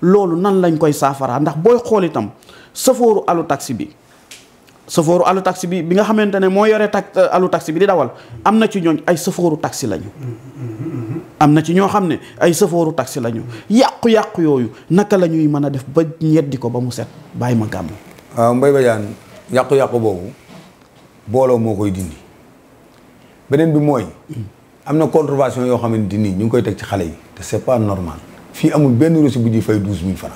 loolu nan lañ koy saafaraa ndax booy xool itam sëfooru alu taxi bi sëfooru alu taxi bi bi nga xamante ne moo yore tax euh, alu taxi bi di dawal am na ci ñooñ ay sëfooru taxi lañu. am na ci ñoo xam ne ay sëfooru taxi lañu yàqu-yàqu yooyu naka lañuy ñuy mën a def ba ñeddi ko ba mu set bàyyi ma gàmm.
waaw Mbaye Badiane yàqu-yàqu boobu booloo moo koy dindi beneen bi mooy. Hmm. am na contravention yoo xamante ni ñu ngi koy teg ci xale yi te c'est pas normal fii amul benn reçu bu ñuy fay douze mille francs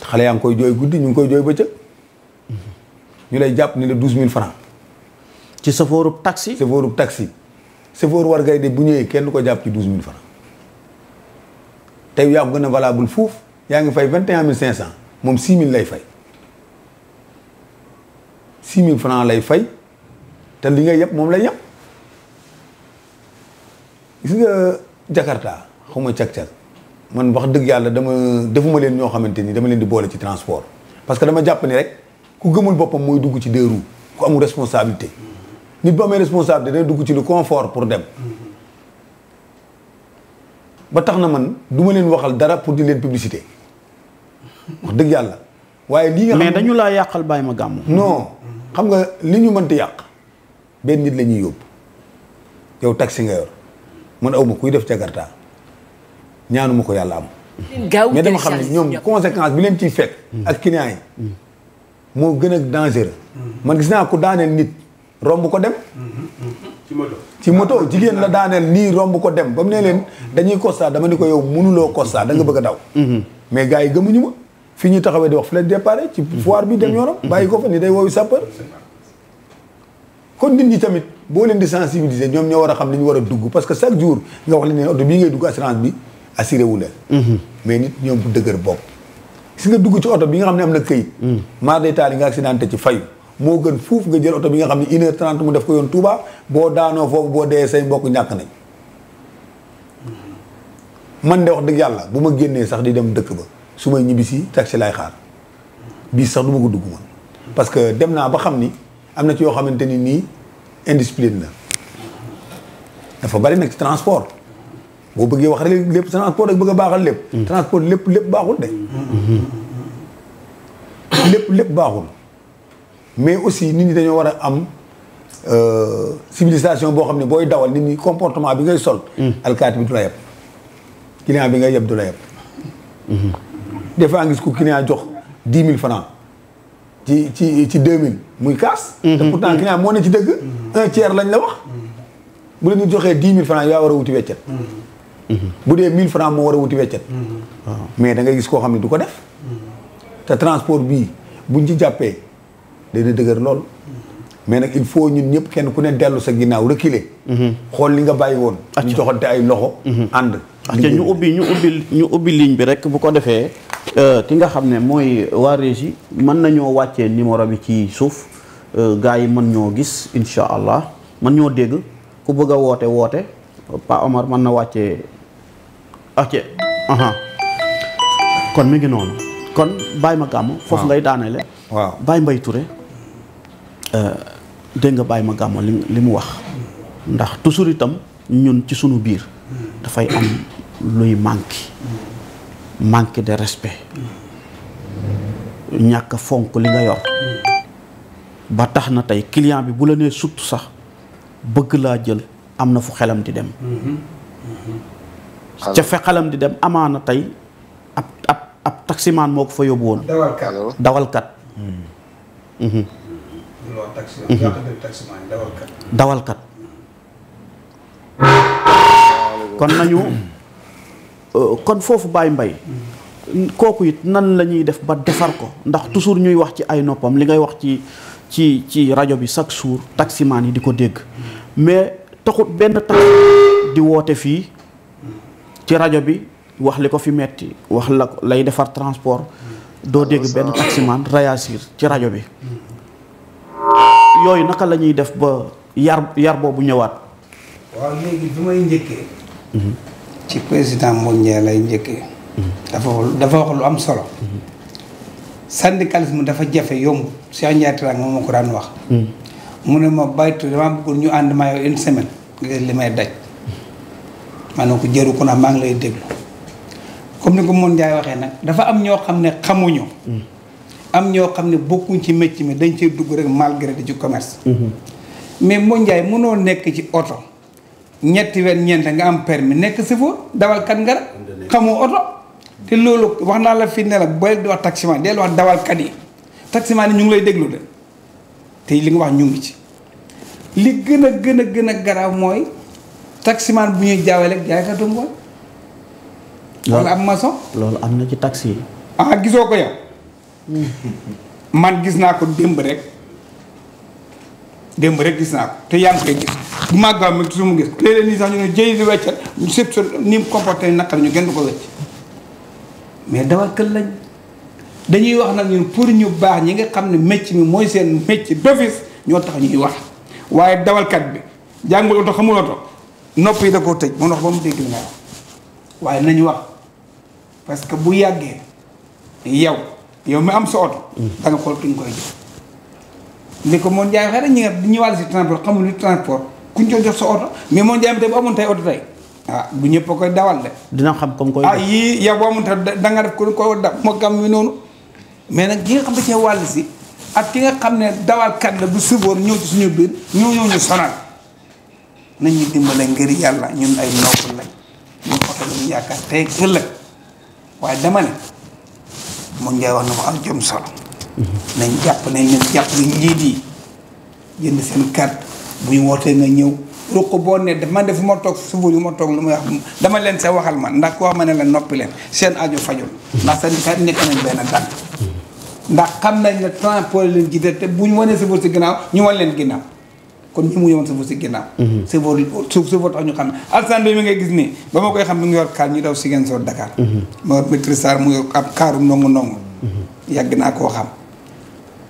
xale yaa ngi koy jooy guddi ñu ngi koy jooy bëccëg ñu lay jàpp ni la douze mille francs ci safoorub taxi. safoorub taxi safoor war gay de bu ñëwee kenn ko jàpp ci douze mille francs tey yaa ko gën a valable fuuf yaa ngi fay vingt et un mille cinq cent moom six mille lay fay six mille francs lay fay te li nga yëpp moom lay yëpp. gis nga Jakarta xaw ma cag man wax dëgg yàlla dama defuma leen ñoo xamante ni dama leen di boole ci transport parce que dama jàpp ni rek ku gëmul boppam mooy dugg ci deux roues ku amul responsabilité nit bu amee responsabilité dana dugg ci lu confort pour dem ba tax na man duma leen waxal dara pour di leen publicité wax dëgg yàlla waaye lii nga xam mais dañu laa yàqal bàyyi ma gàmm non xam nga li ñu mënti yàq benn nit la ñuy yóbbu yow taxi nga yor man aw ma kuy def jakarta ñaanu ma ko yàlla am.
mais dama xam ne ñoom
conséquence bi leen ciy fet ak client yi. moo gën a dangereux. man gis naa ko daaneel nit romb ko dem. ci moto ci moto jigéen la daaneel nii romb ko dem ba mu ne leen dañuy constat dama ne ko yow mënuloo constat da bëgg a daw. Mhm. mais gars yi gëmuñu ma fi ñu taxawee di wax fi la déparé ci foire bi dem yoonam. bàyyi ko fa ni day woowu sapeur. kon nit ñi tamit boo leen di sensibiliser ñoom ñoo war a xam li ñu war a dugg parce que chaque jour nga wax leen ne oto bii ngay dugg assurance bi assuré mhm. mais nit ñoom bu dëgër bopp. si nga dugg ci oto bi nga xam ne am na këyit. maa day taal yi ci fayu. moo gën fuuf nga jël oto bi nga xam ne une heure mu def ko yoon Touba boo daanoo foofu boo dee say mbokk ñàkk nañ. man de wax dëgg yàlla bu ma génnee sax di dem dëkk ba su may ñibbisi taxi laay xaar bii sax du ko dugg ma parce que dem naa ba xam ni. am na ci yoo xamante ni nii indiscipline la dafa bari nag ci transport boo bëggee wax rek lépp transport ak bëgg a baaxal lépp. Mm. transport lépp lépp baaxul de. lépp lépp baaxul mais aussi nit ñi dañoo war a am euh, civilisation boo xam ne booy dawal nit ñi comportement bi ngay sol. Mm. alkaati bi du la yeb client bi ngay yeb du la yeb. Mm-hmm. des ngis ko client jox dix mille francs ci ci ci 2000 muy kaas. Mhm. te pourtant mhm. client moo ne ci dëgg. Mhm. un tiers lañ la wax. bu la ñu joxee 10 000 francs yaa war a wuti weccet. bu dee 1000 francs moo war a wuti weccet. mais da ngay gis koo xam ne du ko def. te transport bii buñ ci jàppee dana dëgër lool. mais nag il faut ñun ñëpp kenn ku ne dellu sa ginnaaw reculer. xool li nga bàyyi woon. ñu joxante
ay loxo. ànd. ñu ubbi ñu ubbi ñu ubbi ligne bi rek bu ko defee. Euh, ki nga xam ne mooy waa régie mën nañoo wàccee numéro bi ci suuf euh, gars yi mën ñoo gis incha allah mën ñoo dégg ku bëgg a woote woote Pa Omar mën na wàccee wàccee kon mi ngi noonu kon Baye ma gàmm foofu ngay daaneele waaw Baye Mbaye Touré euh, dégg nga Baye ma gàmm li mu wax ndax toujours itam ñun ci suñu biir dafay am luy manqué manque de respect ñàkk fonk li nga yor ba tax na tey client bi bu la nee sut sax bëgg laa jël am na fu xelam di dem ca fe xelam di dem amaana tey ab ab ab taximaan moo ko fa yóbbu woon dawalkat dawalkat hmm. mhm.
mhm.
kon nañu Euh, kon foofu Baye mbay kooku it nan la ñuy def ba defar ko ndax toujours ñuy wax ci ay noppam li ngay wax ci ci ci rajo bi chaque jour taximaan yi di ko dégg mais taxut benn tax di woote fii ci rajo bi wax li ko fi metti wax la lay defar transport doo dégg benn taximaan réagir ci rajo bi yooyu naka la ñuy def ba yar yar boobu ñëwaat
ci président
Modou Ndiaye lay njëkkee. Mm-hmm. dafa dafa wax lu am solo. Mm-hmm. syndicalisme dafa jafe yomb Cheikh Ndiaye Tiraak moom moo ko daan wax. Mm-hmm. mu ne ma baytu dama bëggoon ñu ànd maa une semaine ngir li may daj. ma ne ko jëru ko nag maa ngi lay déglu comme ni ko Modou waxee nag dafa am ñoo xam ne xamuñu. am ñoo xam ne bokkuñ ci métier mi dañ cee dugg rek malgré di ci commerce. mais Modou mënoo nekk ci oto. ñetti weer ñeent nga am permis nekk chauffeur dawalkat nga xamoo oto te loolu wax naa la fii ne la booy di wax taximan del wax dawalkat yi taximan yi ñu ngi lay déglu de te li nga wax ñu ngi ci li gën a gën a gën a garaaw mooy taximan bu ñuy jaawale jaaykatu mbool wala am maçon
loolu am na ci taxi yi
ah gisoo ko yow *laughs* man gis naa ko démb rek démb rek gis naa ko te yaa ngi koy gis bu màgg a su mu gis léeg-léeg sax ñu ne jëy di weccal ñu sëb sa ni mu comporté naka ñu gën du ko wecc mais dawalkat lañ dañuy wax nag ñun pour ñu baax ñi nga xam ne mécc mi mooy seen mécc d'office ñoo tax ñuy wax waaye dawalkat bi jàngul oto xamul oto nopp yi da koo tëj mun wax ba mu dégg li waaye nañu wax parce que bu yàggee yow yow mi am sa oto mm. da nga xool ki nga koy jox li ko moon jaay waxee rek ñi nga ñi wàll si transport xamul ni transport kuñ ko jox sa oto mais moon bu ah ñëpp a koy dawal de. xam comme koy ah yii yow boo amoon ko ko da moo noonu mais nag ki xam da cee wàll si ak ki nga xam ne dawalkat la bu suboon ñëw ci suñu biir ñoo ñëw ñu sonal nañu dimbale ngir yàlla ñun ay nopp lañ ñun oto lañu yaakaar tey ëllëg waaye dama ne moon jaay wax na ko am jom solo nañ jàpp nañ leen jàpp li njiit yi jënd seen carte bu ñu wootee nga ñëw ruq boo ne daf man def ma toog suba yu ma toog lu ma wax dama leen sa waxal ma ndax wax ma ne la noppi leen seen aajo fajul ndax syndicat nekk nañ benn dànk ndax xam nañ ne transport leen jiite te bu ñu wanee sëfoor si ginnaaw ñu wan leen ginnaaw kon ñi mu yoon sëfoor si ginnaaw mhm. sëfoor suuf sëfoor tax ñu xam ne alsan bi mi ngay gis nii ba ma koy xam mi ngi yor kaar ñu daw si ngeen soo Dakar mhm. ma maîtrise Sarr mu yor ab kaaru ndongu ndongu mhm. yàgg naa koo xam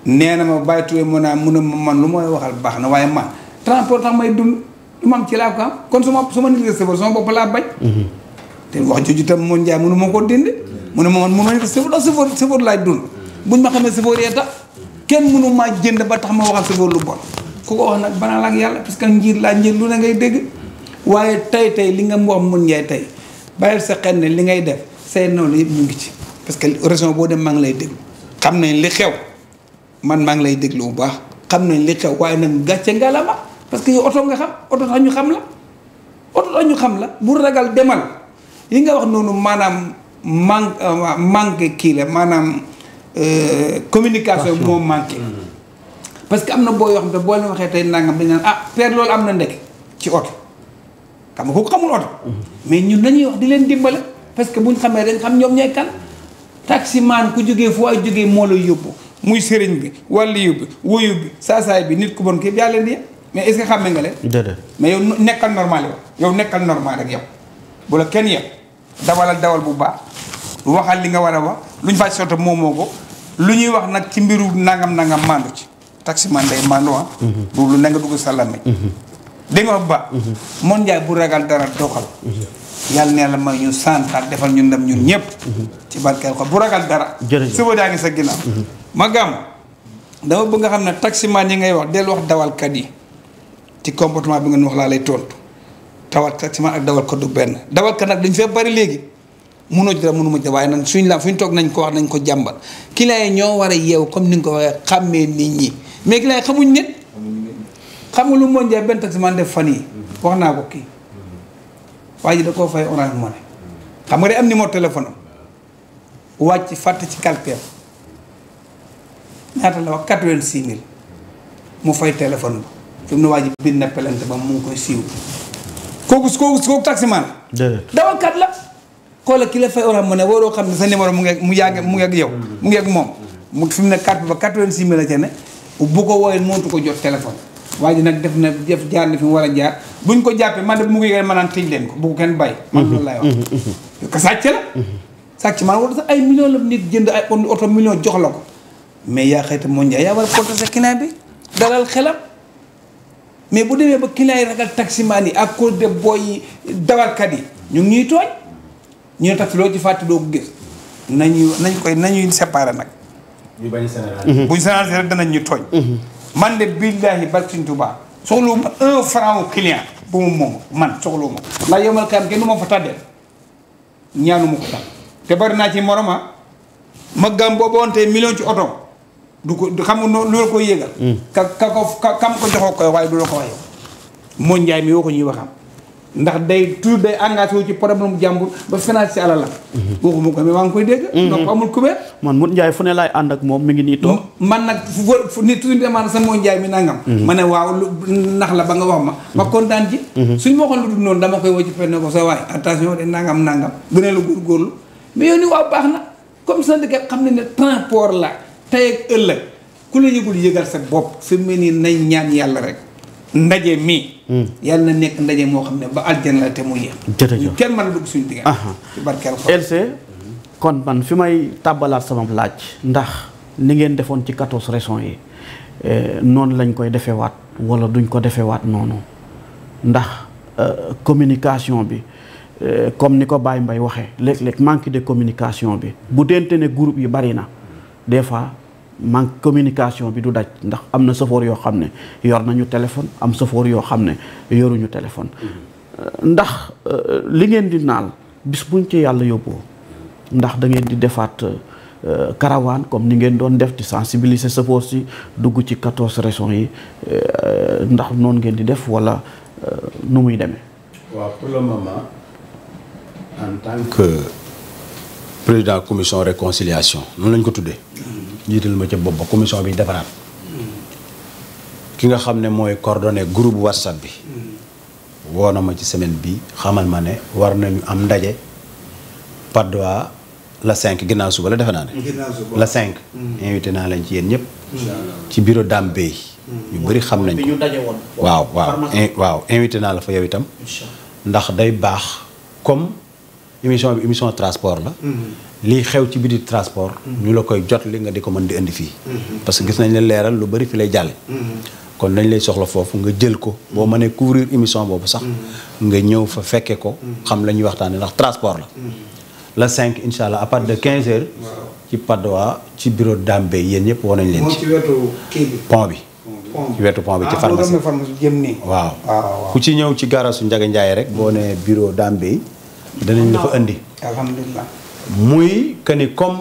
nee na ma bàyyi tuuti mu naa mun a man lu mooy waxal baax na waaye man transport tax may dund du ma am ci laa ko am kon su ma su ma nit sëfër sama bopp laa bañ. Mm-hmm. te wax jooju tam moom Ndiaye mënu ma koo dindi. mu ne ma man mënuma nit sëfër ndax sëfër sëfër laay dund. buñ ma xamee sëfër yee tax kenn mënu maa jënd ba tax ma waxal sëfër lu bon. ku ko wax nag banaa la ak yàlla parce que njiit laa njiit lu ne ngay dégg waaye tey tey li nga wax mun njaay tey bàyyil sa ne li ngay def say nawle ñu ngi ci parce que région boo dem maa lay dégg xam nañ li xew man maa ngi lay déglu bu baax xam nañ li xew waaye nag gàcce nga la ma parce que yow oto nga xam oto tax ñu xam la oto tax xam la bu ragal demal yi nga wax noonu maanaam man euh, manque kii la maanaam euh, communication moo manqué parce que am na boo yoo xam te boo la waxee tey nangam dañ naan ah père loolu am na ndek ci oto xam nga kooku xamul oto mm-hmm. mais ñun dañuy wax di leen dimbale parce que buñ xamee dañ xam ñoom ñooy kan taximaan ku jógee fu waay jógee moo lay yóbbu muy sëriñ bi wàlliyu bi wuyu bi saasaay bi nit ku bon képp yaa leen di mais est-ce que nga leen. mais yow nekkal normal yow yow nekkal normal rek yow bu la kenn yem dawalal dawal bu baax waxal li nga war a wax lu ñu fàcc soto moom moo ko lu ñuy wax nag ci mbiru nangam nangam maandu ci taxi man day maandu ah. Mhm. lu na nga dugg sa làmmiñ. Mhm. dégg nga bu baax. Mhm. Mon Njaay bu ragal dara doxal. yàlla ne la may ñu santaat defal ñu ndam ñun ñëpp ci barkeel ko bu ragal dara suba daa ngi sa ginnaaw mhm. ma gàmm dama bëgg nga xam ne taximaan yi ngay wax dellu wax dawalkat yi ci comportement bi nga wax laa lay tontu tawat taximaan ak dawalkat du benn dawalkat nag dañ fee bari léegi mënoo ci dara mënu ma ci waaye nag suñ la fu ñu toog nañ ko wax nañ ko jàmbat client ñoo war a yeew comme ni nga ko waxee xàmmee nit ñi mais client yi xamuñ xam nga lu moo njee benn taximaan def fan yi mhm. wax naa ko kii waa ji da koo fay orange money xam nga day am numéro téléphone am wàcc fàtte ci calpeel ñaata la wax quatre-vingt-six mille mu fay téléphone ba fi mu ne waa ji bind na ba mu ngi koy siiw kooku su kooku su kooku taximaan la xoola ki la fay orange money waroo xam ne sa numéro mu ngeeg mu yàgg mu ngeeg yow mu ngeeg moom mu fi mu ne carte ba quatre-vingt-six mille la ca ne bu ko moom mënatu ko jot téléphone waa ji nag def na def jaar fi mu war a jaar buñ ko jàppee man de mu ngi ma naan tëj leen ko bu ko kenn bàyyi. man loolu laay wax. parce sàcc la. sàcc man war sax ay millions la nit jënd ay oto millions jox la ko mais yaa xayta moo njaay yaa war a porté sa client bi dalal xelam. mais bu demee ba client yi ragal taximaan yi ak cause de boy dawalkat yi ñu ngi ñuy tooñ ñu ne taxi loo ci fàtte doo ko gis nañu nañ koy nañuy séparé nag. a buñ généraliser man de billaahi barkin Tuubaa soxlu ma un franc client bu mu moom man soxlu ma ndax yomal kaam kenn du ma fa ñaanu ma ko tam te bari naa ci moroma ma gam boobu million ci oto du ko xam nga loolu koy yëgal mm. ka ka ko kam ko joxoo koy waaye du la ko wax moo njaay mi woo ko ñuy waxam ndax day toujours day engagé wu ci mu jàmbur ba financé alal la mhm. waxuma ko mais maa ngi koy dégg donc mhm. amul kubéer man Mout Ndiaye
fu ne laay ànd ak moom mi ngi nii toog
man nag fu ni toujours demande sa moo Ndiaye mi nangam mhm. ma ne waaw nax la ba nga wax ma ma kontaan ci suñ ma waxoon lu dul noonu dama koy wacc fenn ko sa waay attention de nangam nangam gënee la góorgóorlu mais yow ni waaw baax na comme syndicat xam ne ne transport la tey ak ëllëg ku la yëgul yëgal sa bopp fi mu ne nii nañ ñaan yàlla rek ndaje mi. Hmm. yàlla na nekk ndaje moo xam ne ba aljana la te mu yéex. jërëjëf ñu kenn
man a dugg suñu diggante. ci barkeel kon man fi may tàbbalaat sama laaj ndax ni ngeen defoon ci quatorze raison yi eh, noonu lañ koy defee waat wala duñ ko defee waat noonu ndax eh, communication bi eh, comme ni ko Baye Mbaye waxee léeg-léeg manque de communication bi bu dente ne groupe yi bari na des manque communication bi du daj ndax am na safoor yoo xam ne yor nañu téléphone am safoor yoo xam ne yoruñu téléphone mm-hmm. ndax euh, li ngeen di naal bis buñ ci yàlla yóbboo ndax da ngeen di defaat karawaan euh, comme ni ngeen doon def di sensibiliser safoor si dugg ci quatorze régions yi euh, ndax noonu ngeen di def wala nu muy demee
waaw président commission réconciliation noonu lañ ko tuddee jiital ma ca bopp ba commission biy defaraat ki nga xam ne mooy coordonné groupe whatsapp bi woo na ma ci semaine bi xamal ma ne war nañu am ndaje Padoa la cinq ginnaaw suba la defe naa ne la 5 mm. invité naa leen ci yéen ñëpp ci bureau Dame Bey
mm. ñu bëri xam nañ ko waaw waaw
waaw invité naa la fa yow itam ndax day baax comme émission bi émission transport la. Mhm. lii xew ci biti transport. Mhm. ñu la koy jot li nga di ko mën di indi fii. Mhm. parce que gis nañ la leeral lu bari fi lay jàlle kon dañ lay soxla foofu nga jël ko boo mënee couvrir émission boobu sax. nga ñëw fa fekke ko. xam la ñuy waxtaanee ndax transport la. la cinq incha allah à partir de 15 heures. ci Padoa ci bureau Dame Bey yéen ñëpp woon nañ leen ci. ci wetu bi pont bi.
ci
wetu pont bi ci ah, pharmacie. waaw ku ci ñëw ci gaarasu Ndiaga Ndiaye rek boo nee bureau Dame Bey danañu la fa indi. muy que ni comme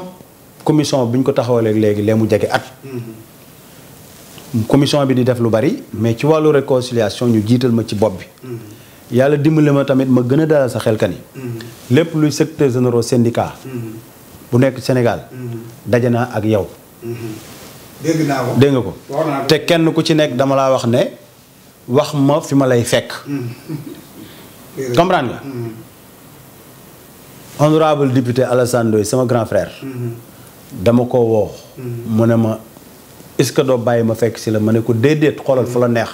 commission bi ñu ko taxawalee léegi lee mu jege at.
Mm-hmm.
commission bi di def lu bari mais ci wàllu réconciliation ñu jiital ma ci bopp bi.
Mm-hmm.
yàlla dimbali ma tamit ma gën a dalal sa xel kani mm-hmm. lépp luy secteur généro syndicat. bu nekk Sénégal. daje naa ak yow.
dégg naa ko nga ko te
kenn ku ci nekk dama laa wax ne wax ma fi ma lay fekk. *laughs* comprendre nga. honorable député Alassane Ndoye sama grand frère. dama ko woox mu ne ma est-ce que doo bàyyi ma fekk si la ma ne ko déedéet xoolal fu la neex.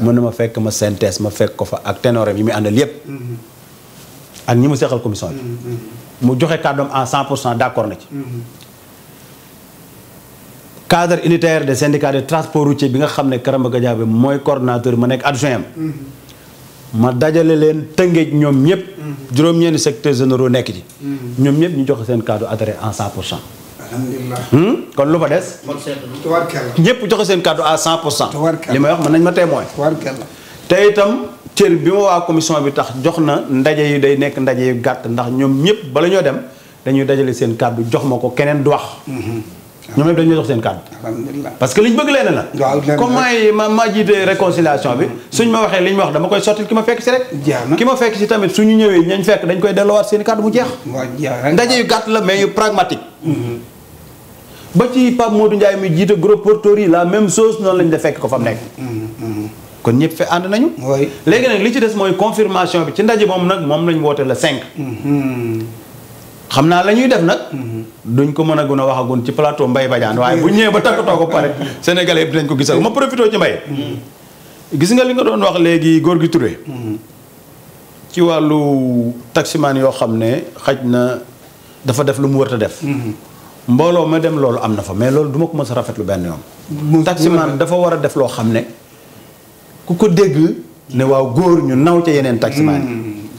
mu ne ma fekk ma synthèse ma fekk ko fa ak ténoram yi muy àndal yépp ak ñi mu seqal commission bi. mu joxe kàddoom en cent pour cent d'accord na ci. cadre unitaire des syndicats de transport routier bi nga xam ne Karamba Gadiabe mooy coordonnateur ma nekk adjoint am. ma dajale leen tëngeej ñoom ñëpp. Mm-hmm. juróom-ñeenti secteurs généraux nekk ci. Mm-hmm. ñoom ñëpp ñu joxe seen kàddu adhéré en 100 pour cent. Hmm? kon lu fa des. ñëpp joxe seen kàddu à 100 pour cent. li ma wax ma nañ ma témoin. te itam cër bi ma waa commission bi tax jox na ndaje yi day nekk ndaje yu gàtt ndax ñoom ñëpp bala ñoo dem dañuy dajale seen kàddu jox ma ko keneen du wax. Mm-hmm. ñoom ñëpp dañoo seen kàddu. parce que liñ bëgg leen la. waaw comme maay ma maa jiite mm-hmm. suñ ma waxee liñ ma wax dama koy sotti ki ma fekk si ki ma fekk si tamit suñu ñëwee ñañ fekk dañ koy delloowaat seen kàddu mu jeex. ndaje yu gàtt la mais yu mm-hmm. ba ci Pape Modou Ndiaye mi jiite gros porteur yi la même chose noonu lañ da fekk ko fa mu nekk.
Mm-hmm.
kon ñëpp fe ànd nañu. léegi nag li ci des mooy confirmation bi ci ndaje moom nag moom lañ woote la 5. xam naa la ñuy def nag mhm. duñ ko mën a gën a wax waxagun ci plateau mbay Badiane waaye bu ñëwee ba takkatoo ko pare mhm. sénégalais yëpp dinañ ko gisal ma profité ci Mbaye
mhm.
gis nga li nga doon wax léegi góor gi Touré ci wàllu taximaan yoo xam ne xaj na dafa def lu mu wërta def mbooloo ma dem loolu am na fa mais loolu duma ko mës a lu benn yoon taximaan dafa war a def loo xam ne ku ko dégg ne waaw góor ñu naw ca yeneen taximaan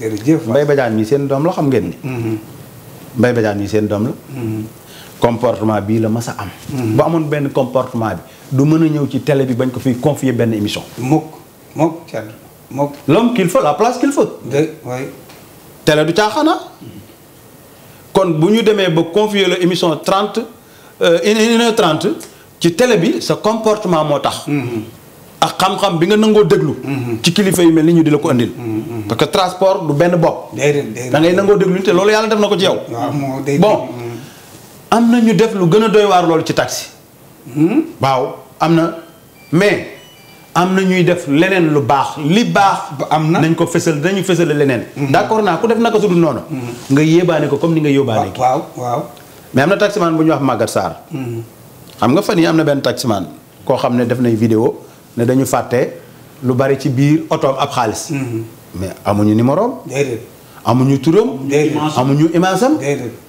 yi Mbaye Badiane ñi seen doom la xam ngeen ni Mbaye Badiane yi seen doom la. Mm-hmm. comportement bii la ma sa am. Mm-hmm. bu amoon benn comportement bi du mën a ñëw ci télé bi bañ ko fii confier benn émission. mukk mukk Thierno mukk. l'homme qu'il faut la place qu'il faut. de waay. télé ah. kon bu ñu demee ba confier la émission trente euh, une heure trente ci télé bi sa comportement moo tax. Mm-hmm. ak xam-xam bi nga nangoo déglu. Mm-hmm. ci kilifa yu mel ni ñu di la ko andil. Mm-hmm. parce que transport du benn bopp. da ngay nangoo déglu te loolu yàlla def na ko ci yow.
bon mm-hmm.
am na ñu def lu gën a doy waar loolu ci taxi. waaw am na mais am na ñuy def leneen lu baax li baax. am na nañ ko fësal nañu fësal leneen. d'accord naa ku def naka su dul noonu. nga yéebaane ko comme ni nga yóbbaane ki waaw waaw. mais am na taximaan bu ñuy wax Maguette Sarr. xam nga fan yii am na benn taximaan koo xam ne def nay vidéo ne dañu fàtte lu bari ci biir otoom ab xaalis. Mm-hmm. mais amuñu numéro amuñu turam. amuñu imaasam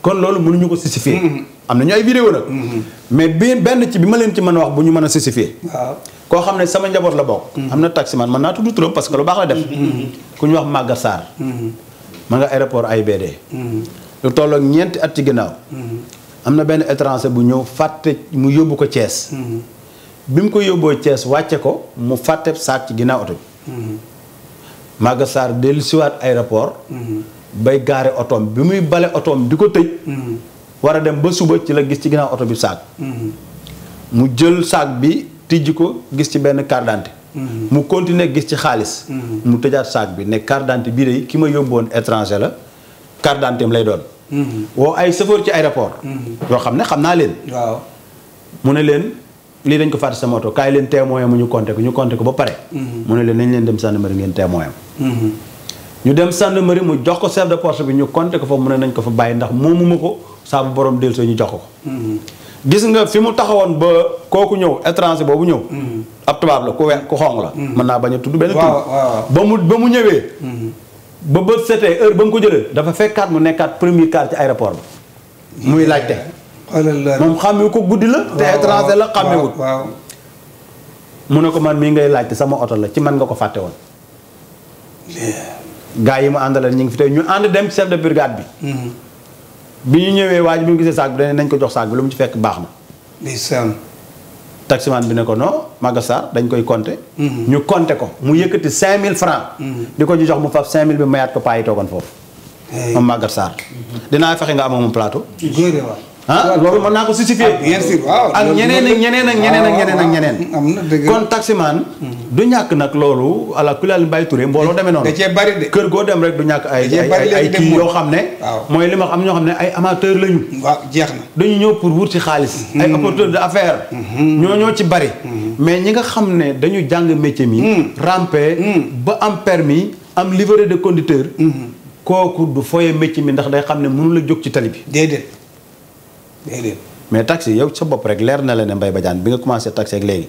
kon loolu mënuñu ko justifier. Mm-hmm. am nañu ay vidéo nag. Mm-hmm. mais bi benn ci bi ma leen ci mën a wax bu ñu mën a justifier. koo xam ne sama njaboot la bokk. am na tax taximan man mën naa tudd turam parce que lu baax la def. ku ñu wax Maga Sarr. ma nga ay AIBD. lu toll ak ñeenti at ci ginnaaw. am na benn étranger bu ñëw fàtte mu yóbbu ko cees bi mu ko yóbboo Thiès wàcce ko mu fàtte saak ci ginnaaw oto bi mm-hmm. Maga Sarr dellu siwaat aéroport mm-hmm. bay gaare otoom bi muy bale otoom di ko tëj mm-hmm. war a dem ba suba ci la gis ci ginnaaw oto bi saak mu jël saak bi tijji ko gis ci benn carte d'identité mu continuer gis ci xaalis mu tëjaat saag bi ne carte d'identité bii de ki ma yóbboon étranger la carte d'identité lay doon woo ay chauffeur ci aéroport yoo xam ne xam naa leen waaw mu ne leen lii dañ ko fàtte sama oto kaay leen témoin mu ñu compté ko ñu compté ko ba pare. Mhm. mu ne leen nañ leen dem gendarmerie ngeen témoin mhm. ñu dem gendarmerie mu jox ko chef de poste bi ñu compté ko fa mu ne nañ ko fa bàyyi ndax moomuma ko saa bu borom dellu soo ñu jox ko. Mhm. gis nga fi mu woon ba kooku ñëw étranger boobu ñëw. ab tubaab la ku weex ku xong la. mën naa bañ a tudd benn tur. ba mu ba mu ñëwee. ba bët setee heure ba mu ko jëlee dafa fekkaat mu nekkaat premier quart ci aéroport muy laajte. moom xàmmewu ko guddi la. te étranger la xàmmewut. mu ne ko man mii ngay laajte sama oto la ci man nga ko fàtte woon. gaa yi mu àndal ñu ngi fi tey ñu ànd dem chef de brigade bi. Mm-hmm. bi ñu ñëwee waa ji bi mu gisee saag bi dañ nañ ko jox saak bi lu mu ci fekk baax na. ndeysaan. taximaan bi ne ko non Magasar dañ koy compter. Mm-hmm. ñu compter ko mu yëkkati mille francs mm-hmm. di ko ñu jox mu fab 5000 bi mayaat ko paa yi foofu. moom Magasar. dinaa fexe nga am moom plateau. ah loolu mën naa ko si ah, bien sûr waaw ak ñeneen ak ñeneen ak ñeneen ak ah, ñeneen ak ñeneen. am na dëgg kon taximaan. du ñàkk nag loolu ala kulal Mbaye Touré mbooloo demee noonu. cee bari de kër goo dem rek du ñàkk ay. ay ay kii yoo xam ne. mooy li ma am ñoo xam ne ay amateur lañu. waaw jeex na dañu ñëw pour wuti xaalis. Mm-hmm. ay de affaire mm-hmm. ñoo ñoo ci bari. Mm-hmm. mais ñi nga xam ne dañu jàng métier mi. Mm. ramper. Mm. ba am permis am livret de conducteur. kooku du foyee métier mi ndax day xam ne mënu la jóg ci tali bi déedéet mais taxi yow sa bopp rek leer na leen ne Mbaye Badiane bi nga commencé taxi ak léegi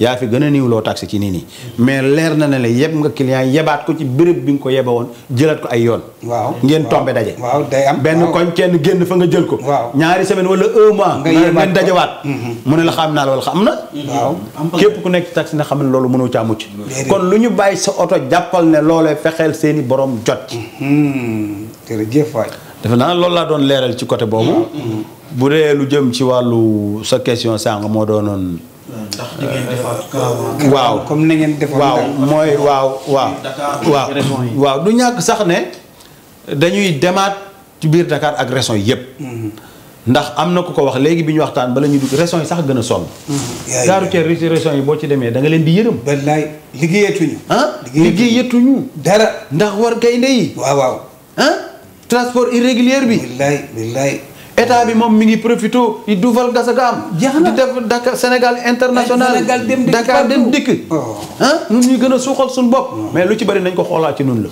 yaa fi gën a niiwloo taxi ci nii nii mais leer na ne la yeb nga client yebaat ko ci béréb bi nga ko yebe woon jëlaat ko ay yoon waaw ngeen tombe daje waaw day am benn koñ kenn génn fa nga jël ko waaw ñaari semaine wala un mois ngeen dajewaat mhm. mu ne la xam naa la wala xam na waaw képp ku nekk ci taxi na xam ne loolu mënoo caa mucc kon lu ñu bàyyi sa oto jàppal ne loolee fexeel seeni borom jot ci mhm. jërëjëf waay defe naa loolu laa doon leeral ci côté boobu. Mm-hmm. bu dee lu jëm ci wàllu sa question sànq moo doonoon.
ndax waaw
ni ngeen defoon. waaw mooy waaw waaw. waaw waaw du ñàkk sax ne dañuy demaat ci biir Dakar ak régions yi yëpp. Mm-hmm. ndax am na ku ko wax léegi bi ñu waxtaan bala ñu dugg régions yi sax gën a sonn. gare routière régions yi boo ci demee danga leen di yërëm. wallaay liggéeyatuñu. ah liggéeyatuñu dara. ndax war gaynde yi. waaw waaw ah? transport irrégulier bi. billaay billaay état bi moom mi ngi profité di duufal gasaga am. di def Dakar Sénégal international. Dakar dem dikk ah ñun ñuy gën a suuxal suñu bopp. Oh. mais lu ci bari nañ ko xoolaat ci nun la.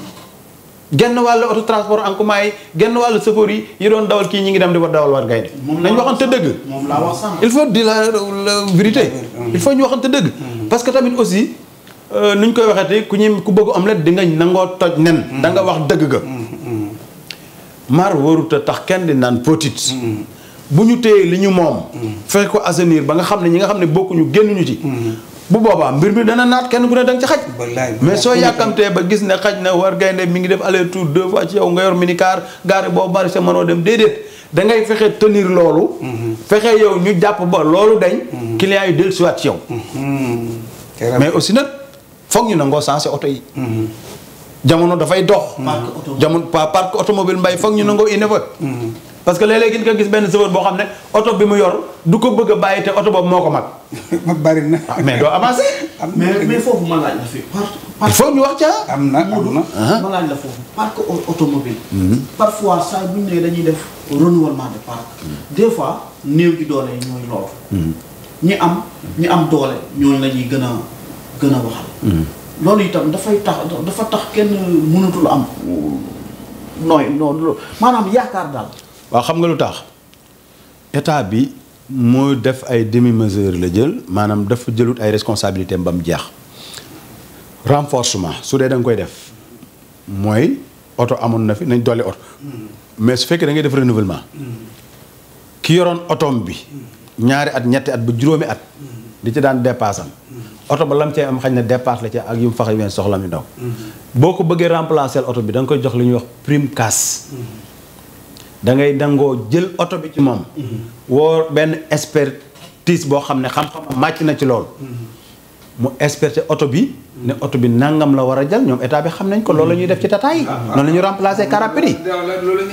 genn wàllu auto transport en commun yi genn wàllu sëfoor yi yi doon dawal kii ñi ngi dem di war dawal war gaynde nañ waxante dëgg. il faut di la la vérité. il faut ñu waxante dëgg. Mm. parce que tamit aussi euh, nuñ koy waxeeti ku ñuy ku bëgg omelette di nga nangoo toj nen. Mm. da nga wax dëgg ga. Mm. mar warut tax kenn di naan potit bu ñu téye li ñu moom fexe ko assenir ba nga xam ne ñi nga xam ne bokkuñu génn ñu ci bu boobaa mbir mi dana naat kenn ku ne danga ci xaj mais soo yàkkamtee ba gis ne xaj ne war gaynde mi ngi def aller retour deux fois ci yow nga yor minicar gaare boo bari sa manoo dem déedéet da ngay fexe tenir loolu fexe yow ñu jàpp ba loolu dañ clients yi dellu siwaat ci yow mm-hmm. Mm-hmm. mais aussi nag foog ñu nangoo sensé oto yi jamono dafay dox. jamono pa parc automobile mbay foog ñu nangoo innové. Mm-hmm. parce que léeg-léeg nga gis benn chauffeur boo xam ne oto bi mu yor du ko bëgg a bàyyi te oto boobu moo ko mag. *laughs* bari na ah, mais doo avancé. mais foofu ma la
fi. par il faut ñu wax ca. am na ah. la foofu parc automobile mm-hmm. parfois saa bu ñu nee dañuy def renouvellement de parc. Mm-hmm. des fois néew ji doole ñooy lool. ñi am ñi am doole ñoo la ñuy gën a gën a waxal. loolu itam dafay tax dafa tax kenn mënatul am nooy noonu maanaam yaakaar daal.
waaw xam nga lu tax état bi mooy def ay demi mesure la jël maanaam dafa jëlut ay responsabilités ba mu jeex renforcement su dee da koy def mooy oto amoon na fi nañ dolli oto mais su fekkee da ngay def renouvellement ki yoroon otoom bi ñaari at ñetti at ba juróomi at di ci daan dépassam oto ba lam cee am xañ na dépasse la ci ak yu mu faxe ween soxla mi ndaw boo ko bëggee remplacer oto bi danga koy jox li ñuy wax prime casse da ngay dangoo jël oto bi ci moom woo benn expertise boo xam ne xam-xam màcc na ci loolu mu experté oto bi ne oto bi nangam la war a jël ñoom état bi xam nañ ko loolu lañuy def ci tata yi noonu la ñuy remplacer car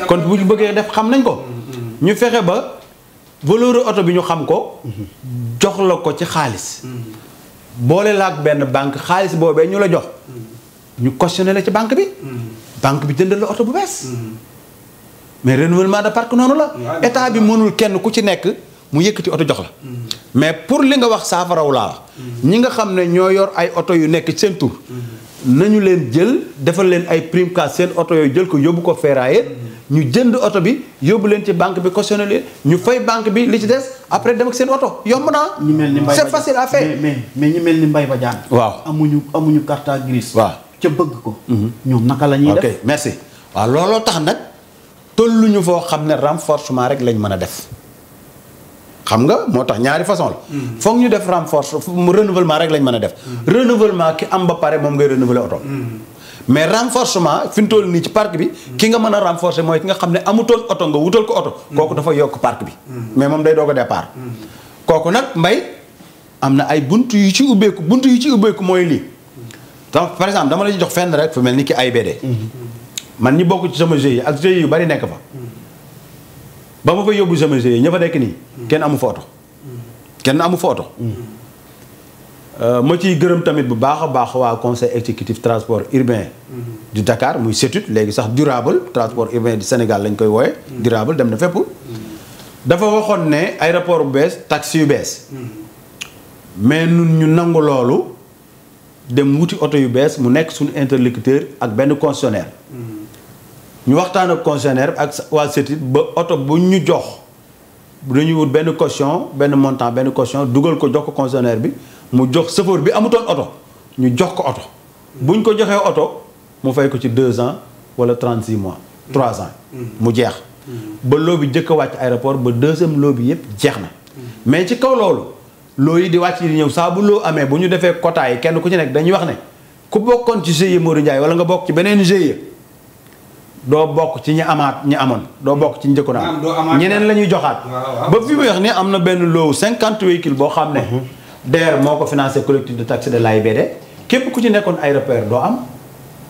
kon bu ñu bëggee def xam nañ ko ñu fexe ba valeur oto bi ñu xam ko jox la ko ci xaalis boole la ak benn banque xaalis boobee ñu la jox ñu cautionné la ci banque bi banque bi jëndal la oto bu bees mais renouvellement de parc noonu la état bi mënul kenn ku ci nekk mu yëkkati oto jox la mm-hmm. mais pour li nga wax saafaraw laa mm-hmm. ñi nga xam ne ñoo yor ay oto yu nekk ci seen tur mm-hmm. nañu leen jël defal leen ay prime cash seen oto yooyu jël ko yóbbu ko ferraille ñu jënd oto bi yóbbu leen ci banque bi cautionné leen ñu fay banque bi li ci des après
dem ak seen oto yomb naa. ñu mel ni Mbaye c'est facile à mais mais ñu mel ni mbay ba Badiane. waaw amuñu amuñu carte grise. waaw ca bëgg ko. Mhm. ñoom naka la ñuy def ok merci. looloo tax
nag tolluñu foo xam ne renforcement rek lañ mën a def. xam nga moo tax ñaari façon la. foog ñu def renforce renouvellement rek lañ mën a def. renouvellement ki am ba pare moom ngay renouveler oto. mais renforcement fi ñu toll nii ci parc bi. ki nga mën a renforcer mooy ki nga xam ne amutoon oto nga wutal ko oto. kooku dafa yokk parc bi. mais moom day doog a kooku nag mbay am na ay bunt yu ci ubbeeku bunt yu ci ubbeeku mooy lii. donc par exemple dama la jox fenn rek fu mel ni ki AIBD. man ñi bokk ci sama GIE ak GIE yu bari nekk fa. ba ma koy yóbbu sama GIE ña fa nekk nii kenn amu fa oto kenn amu fa oto
euh,
ma ciy gërëm tamit bu baax a baax waa conseil exécutif transport urbain du Dakar muy CETUD léegi sax durable transport urbain du Sénégal lañ koy wooye durable dem na fépp dafa waxoon ne aéroport bu bees tax yu bees mais nun ñu nangu loolu dem wuti oto yu bees mu nekk suñu interlocuteur ak benn concessionnaire ñu waxtaan ak concessionnaire ak waa CETUD ba oto bu ñu jox dañuy wut benn caution benn montant benn caution dugal ko jox ko concessionnaire bi mu jox chauffeur bi amutoon oto ñu jox ko oto bu ñu ko joxee oto mu fay ko ci deux ans wala trente six mois trois ans mu jeex ba loo bi jëkk a wàcc aéroport ba deuxième loo bi yëpp jeex na mais ci kaw loolu looy yi di wàcc yi di ñëw saa loo amee bu ñu defee quota yi kenn ku ci nekk dañuy wax ne ku bokkoon ci GIE Modou Ndiaye wala nga bokk ci beneen GIE doo bokk ci ñi amaat ñi amoon doo bokk ci njëkkoon am ñeneen la ñuy joxaat ba fi muy ni am na benn loowu cinquante véhicules boo xam ne mhm. DER moo ko financé collectif de taxi de l'AIBD képp ku ci nekkoon ay repère doo am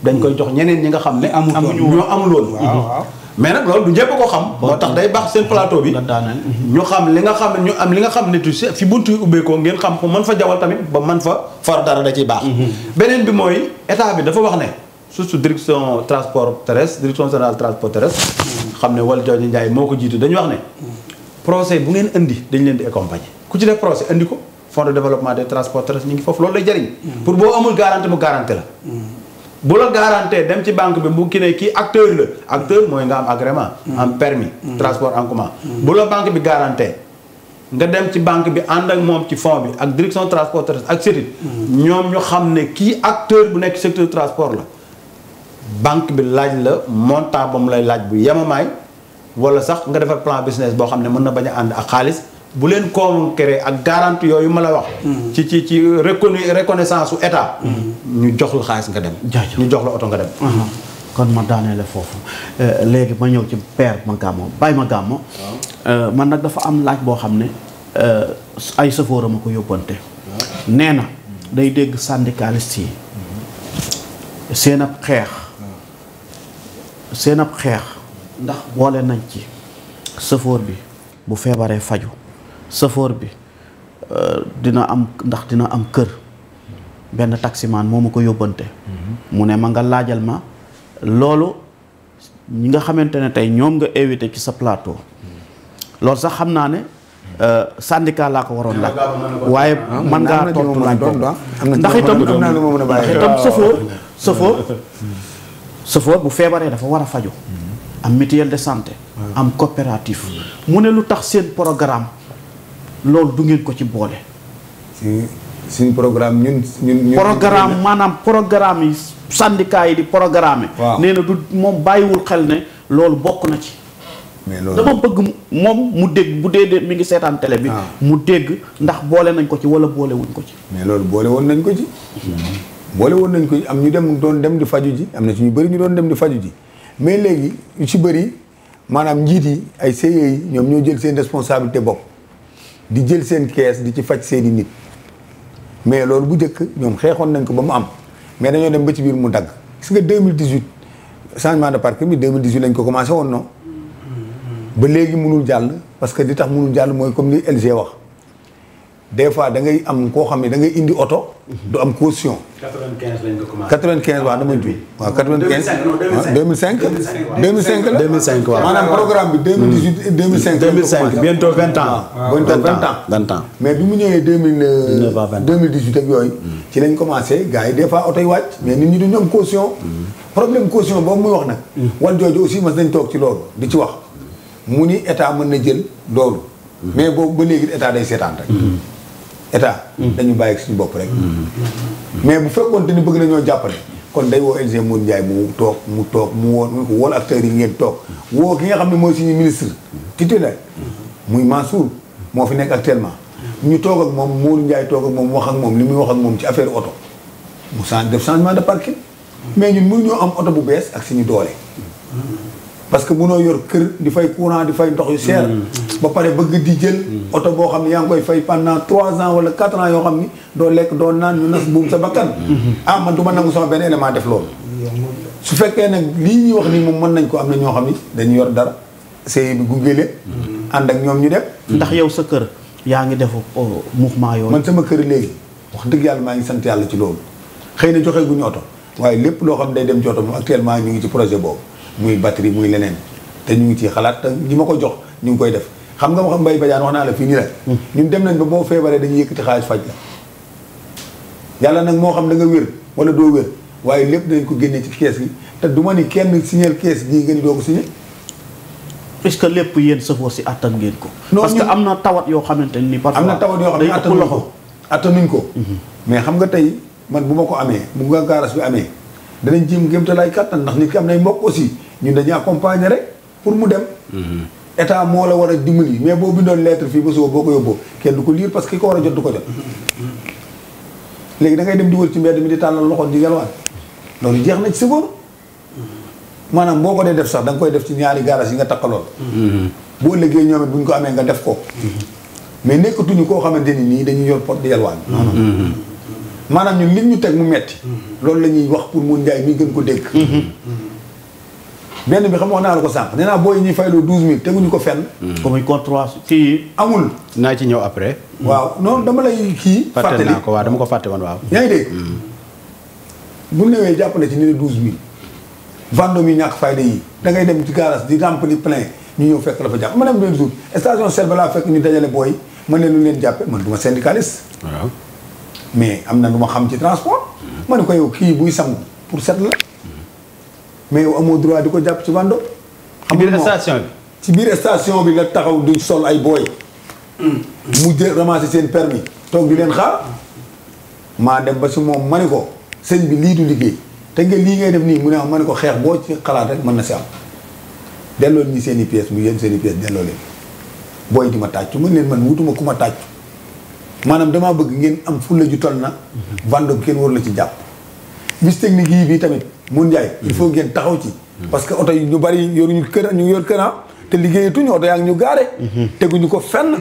dañ koy jox ñeneen ñi nga xam ne amuñu ñoo amul woon mhm. mais nag loolu du ñëpp ko xam moo tax day baax seen plateau bi mhm. ñu xam li nga xam ne ñu am li nga xam ne tu sais fi buntu yi ubbeekoo ngeen xam ko mën fa jawal tamit ba mën fa far dara da ciy baax beneen bi mooy état bi dafa wax ne surtout direction transport terrestre direction générale transport terrestre xam ne Valdiodio Ndiaye moo ko jiitu dañu wax ne procès bu ngeen indi dañ leen di accompagner ku ci def procès indi ko fonds de développement des transports terrestres ñu ngi foofu loolu lay jëriñ pour boo amul garantie mu garantie la bu la garantie dem ci banque bi mu ki ne kii acteur la acteur mooy nga am agrément am permis transport en commun bu la banque bi garantie nga dem ci banque bi ànd ak moom ci fond bi ak direction transport terrestre ak CETUD ñoom ñu xam ne kii acteur bu nekk secteur transport la banque bi laaj la montant ba mu lay laaj bu yemamaay wala sax nga defar plan business boo xam ne mën na bañ a ànd ak xaalis bu leen koomu concret ak garantie yooyu ma la wax. Mm-hmm. ci ci ci recon reconnaissance su état. Mm-hmm.
ñu jox la xaalis nga dem. ñu jox la oto nga dem. Mm-hmm. kon ma daaneele foofu euh, léegi ma ñëw ci père Magamo Baye Magamo. Euh, man nag dafa am laaj boo xam ne euh, ay sëfoora ma ko yóbbante. nee na day dégg syndicaliste yi seen ab xeex. seen ab xeex ndax boole nañ ci sëfoor bi bu feebaree faju sëfoor bi euh, dina am ndax dina am kër benn taximaan moo ma ko yóbbante
mhm.
mu ne ma nga laajal ma loolu ñi nga xamante ne tey ñoom nga invité ci sa plateau mhm. loolu sax xam naa ne euh, syndicat laa ko waroon laaj ah, waaye man ngaa ah, tontu laaj boobu ah. ndax sëfoor sëfoor *laughs* chauffeur bu feebaree dafa war a fajo mm-hmm. am mutuelle de santé am coopérative mm-hmm. mu ne lu tax seen programme loolu du ngeen ko ci boole suñu programme ñun ñun programme maanaam programme yi syndicat yi di programme nee na du moom bàyyiwul xel ne loolu bokk na ci dama bëgg moom mu dégg bu dee dee mi ngi seetaan télé bi ah. mu dégg ndax boole nañ ko ci wala boolewuñ ko ci
mais loolu boole woon nañ ko ci mm-hmm. boole woon nañ ko am ñu dem doon dem di faju ji am na ci ñu bëri ñu doon dem di faju ji mais léegi yu ci bëri maanaam njiit yi ay CIE yi ñoom ñoo jël seen responsabilité bopp di jël seen kees di ci faj seen i nit mais loolu bu njëkk ñoom xeexoon nañ ko ba mu am mais dañoo dem ba ci biir mu dagg gis nga 2018 changement de parc bi 2018 lañ ko commencé woon non ba léegi mënul jàll parce que di tax mënul jàll mooy comme li LG wax des fois da ngay am koo xam ne da ngay indi oto. du am caution.
95 lañ ko
commencé. 95 waaw dama juum. waaw 95 2005 2005. 2005 la 2005 waaw maanaam programme bi 2018 2005. 2005 bientôt 20 ans. waaw 20 ans 20 ans. mais bi mu ñëwee 2009 à 20 2018 ak yooyu. ci lañ commencé gars yi des fois oto yi wàcc. mais nit ñi duñu am caution. problème caution boobu muy wax nag. wal jooju aussi mas nañ toog ci loolu di ci wax. mu ni état mën na jël loolu. mais boobu ba léegi état day seetaan rek. état. dañu bàyyi suñu bopp rek. mais bu fekkoon te ni bëgg nañoo jàppale. kon day woo LG Modou Ndiaye mu toog mu toog mu woon mu woo acteurs yi ngeen toog woo ki nga xam ne mooy suñu ministre titulaire muy Mansour moo fi nekk actuellement. ñu toog ak moom Modou Ndiaye toog ak moom wax ak moom li muy wax ak moom ci affaire oto mu change def changement de parki mais ñun mënuñoo am oto bu bees ak suñu doole. parce que mënoo yor kër di fay courant di fay ndox yu cher. ba pare bëgg di jël. Hmm. oto boo xam ne yaa ngi koy fay pendant trois ans wala quatre ans yoo xam ni doo lekk doo naan ñu nas buum sa bakkan. Hmm. ah man du ma nangu sama benn élément def loolu. su fekkee nag lii ñuy wax ni moom mën nañ ko am na ñoo xam ni dañu yor dara. see bi gunge leen.
Hmm. ànd ak
ñoom ñu def ndax yow sa kër
yaa ngi def oh, mouvement yooyu. man sama kër
léegi wax dëgg yàlla maa ngi sant yàlla ci loolu xëy na joxe guñu oto waaye lépp loo xam ne day dem ci oto moom ñu ngi ci projet boobu muy batterie muy leneen te ñu ngi ciy xalaat ñi ma ko jox ñu ngi koy def xam nga ma xam Mbaye Badiane wax naa la fii nii rek. Hmm. ñun dem nañ ba boo feebaree dañuy yëkkati xaalis faj la. yàlla nag moo xam da nga wér wala doo wér waaye lépp dañ ko génnee ci kees gi te du ma ni kenn signer kees gii nga ni doo ko signer.
est que lépp yéen sëfoor si àttan ngeen ko. parce que am na tawat yoo xamante ni parfois am na tawat yoo xam ne attanuñ ko ko. Mhm. mais xam nga tey man bu ma ko amee
bu nga gaaras bi amee danañ jéem gém te laay kàttan ndax nit ki am nay mbokk aussi ñun dañuy accompagner rek pour mu dem. Mhm. état moo la war a yi mais boo bindoon lettre fii ba suba boo ko yóbboo kenn du ko liir parce que ki ko war a jot du ko jot. léegi da ngay dem di ci mbedd mi di tàllal loxo di yalwaan loolu jeex na si sa bopp maanaam boo ko dee def sax da koy def ci ñaari garage yi nga takkaloon. boo liggéey ñoom bu ñu ko amee nga def ko. mais nekkatuñu koo xamante ni nii dañuy yor pot di yalwaan. maanaam ñu li ñu teg mu metti loolu la ñuy wax pour mu njaay mi gën ko dégg. benn bi xam wax naa la ko
sànq nee naa booy ñuy fayloo douze mille teguñu ko fenn. Hmm. comme contrat kii amul. naa ci ñëw après. Hmm. waaw non dama lay kii. fàttali naa ko waaw dama ko fàtte woon waaw. yaa ngi dégg. Hmm.
bu newee jàpp na ci ni ne douze mille. vendôme yi ñàkk fayda yi da ngay dem ci garage di rempli plein ñu ñëw fekk la fa jàpp ma dem benn jour station serve laa fekk ñu dajale booy ma ne lu leen jàppe man du ma syndicaliste. waaw mais am na lu ma xam ci transport. ma ne ko yow kii buy sangu pour set la. mais amoo droit di ko jàpp ci bando xam nga bi. ci biir station bi nga taxaw di sol ay booy. mu jël ramasser seen permis toog di leen xaar maa dem ba si moom ma ne ko sëñ bi lii du liggéey te nga lii ngay def nii mu ne ma ne ko xeex boo ci xalaat rek mën na si am delloo ñi seen i pièces mu yéen seen i pièces delloo leen booy di ma tàcc mën leen man wutuma ku ma tàccu maanaam damaa bëgg ngeen am fulla ju toll na Van Ndong kenn waru la ci jàpp vice technique yi bii tamit mun jaay il faut ngeen taxaw ci hmm. parce que oto yi ñu bari yoruñu kër ñu yor këram ah. te liggéeyatuñu oto yaa ngi ñu gaare hmm. teguñu ko fenn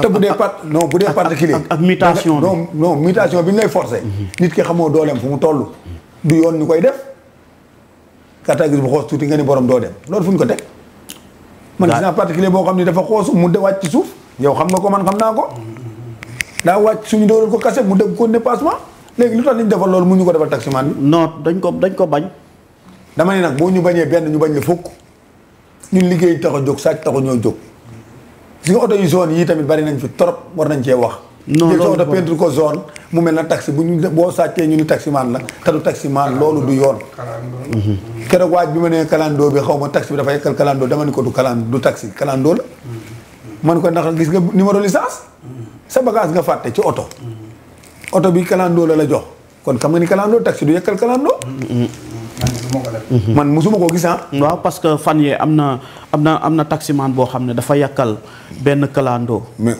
te bu dee part non bu dee particulier ak mutation non non mutation bi ñu lay forcé hmm. nit ki xamoo dooleem fu mu toll du yoon ñu koy def katagis bu xoos tuuti nga ni borom doo dem loolu fu ñu ko teg man gis naa particulier boo xam ne dafa xoosu mu de wàcc ci suuf yow xam nga ko man xam naa ko daa wàcc suñu dooral ko kase mu dégg ko dépassement léegi lu tax ñu defal loolu mun ñu ko defal taximaan bi. non dañ ko dañ ko bañ. dama ni nag boo ñu bañee benn ñu bañ la fukk ñun liggéey tax a jóg sàcc tax ñoo jóg si nga oto yu zone yii tamit bari nañ fi trop war nañ cee wax. non loolu oto ko zone mu mel na taxi bu ñu boo sàccee ñu ni taximaan la te du taximaan loolu du yoon. keroog waaj bi ma nee kalandoo bi xaw ma taxi bi dafa yekkal kalandoo dama ni ko du kalandoo du taxi kalandoo la. man ko nax gis nga numéro licence. sa bagage nga fàtte ci oto. oto bi kalandoo la la jox kon xam nga ni kalandoo
taxi du yëkkal kalandoo. man mosuma koo gis ah. waaw parce que fan yee am na am na am na taximan boo xam ne dafa yàkkal benn kalandoo. mais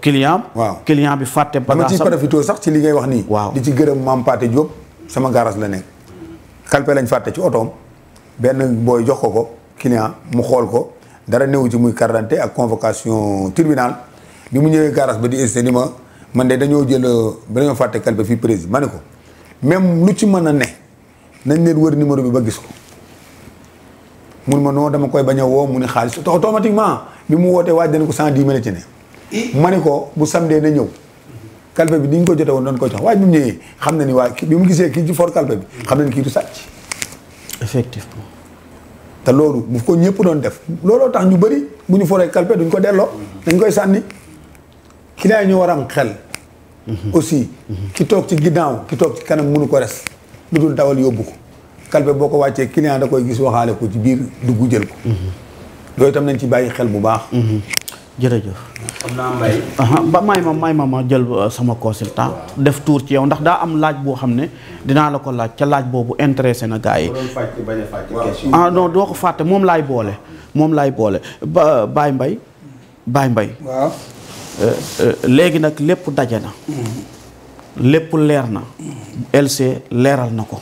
client. waaw client bi fàtte. bagage ci profité sax
ci li ngay wax nii. waaw di ci gërëm maam Pathé Diop sama garage la nekk. kalpe lañ fàtte ci otoom benn booy jox ko ko client mu xool ko dara newu ci muy carte ak convocation tribunal bi mu ñëwee garage ba di hésité ni ma. man de dañoo jël ba euh, dañoo fàtte kalpe fii président ma ne ko même lu ci mën a ne nañ leen wër numéro bi ba gis ko mun ma noo dama koy bañ woo mu ni xaalis automatiquement bi mu wootee waaj dañ ko cent dix mille ne ma ne ko bu samedee na ñëw kalpe bi ni ñu ko jote woon doon ko jox waaye bi ñëwee xam na ni waa bi mu gisee ki ci for kalpe bi xam na ni kii du sàcc
effectivement
te loolu bu ko ñëpp doon def looloo tax ñu bëri bu ñu foree kalpe duñ ko delloo dañ koy sànni client yi ñu war xel. aussi ki toog ci ginnaaw ki toog ci kanam mënu ko res lu dul dawal yóbbu ko kalpe boo ko wàccee client da koy gis waxaale ko ci biir
dugg jël ko. loolu itam nañ ci bàyyi xel bu baax. jërëjëf. xam naa mbay. ba may ma may ma ma jël euh, sama consultant. def tour ci yow ndax daa am laaj boo xam ne dinaa la ko laaj ca laaj boobu intéressé na gars yi. ah non doo ko fàtte moom laay boole. moom laay boole ba Baye Mbaye Baye Mbaye léegi nag lépp daje na lépp leer na LC leeral na ko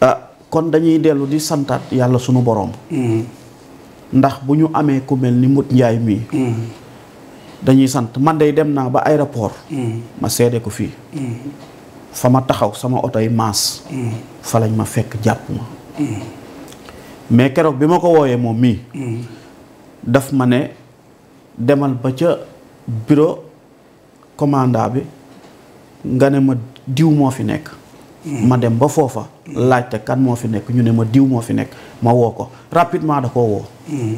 ah kon dañuy dellu di santaat yàlla sunu boroom ndax bu ñu amee ku mel ni Mbodj Njaay mii dañuy sant man day dem naa ba aéroport ma seede ko fii fa ma taxaw sama otoy yi maas fa ma fekk jàpp ma mais keroog bi ma ko wooyee moom mii daf ma ne demal ba ca bureau commandant bi nga ne ma diw moo fi nekk hmm. ma dem ba foofa laajte kan moo fi nekk ñu ne ma diw moo fi nekk ma woo ko rapidement da koo woo hmm.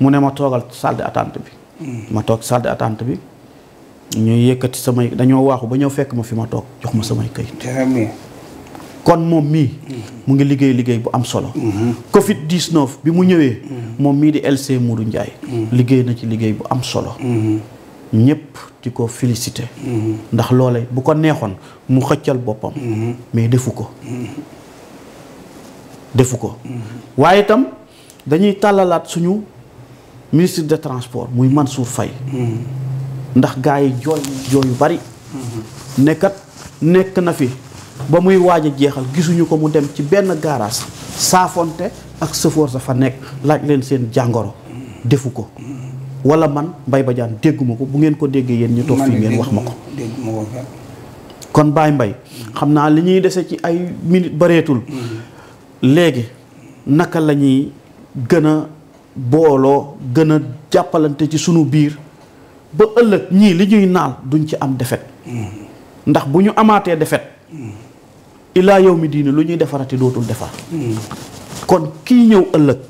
mu ne ma toogal salle d'attente bi hmm. ma toog salle d'attente bi ñuy yëkkati samay dañoo waaxu ba ñëw fekk ma fi ma toog jox ma samay këyit kon moom mii mu ngi liggéey liggéey bu am solo covid 19 bi mu ñëwee moom mii di LC Modou njaay liggéey na ci liggéey bu am solo ñëpp di ko félicité ndax loole bu ko neexoon mu xëccal boppam mais defu ko defu ko waaye itam dañuy tàllalaat suñu ministre de transport muy Mansour Faye ndax gars yi jooy jooy yu bari nekkat nekk na fi ba muy waaj a jeexal gisuñu ko mu dem ci benn gaaraas saafonte ak sëfoor sa fa nekk laaj leen seen jàngoro defu ko wala man ba jaan dégguma ko bu ngeen ko déggee yéen ñu toog fii ngeen wax ma ko kon baay mbay xam naa li ñuy dese ci ay minit bareetul léegi naka la ñuy gën a booloo gën a jàppalante ci sunu biir ba ëllëg ñii li ñuy naal duñ ci am defet ndax bu ñu amaatee defet illaa yow mi diine lu ñuy defarati dootul defar hmm. kon kii ñëw ëllëg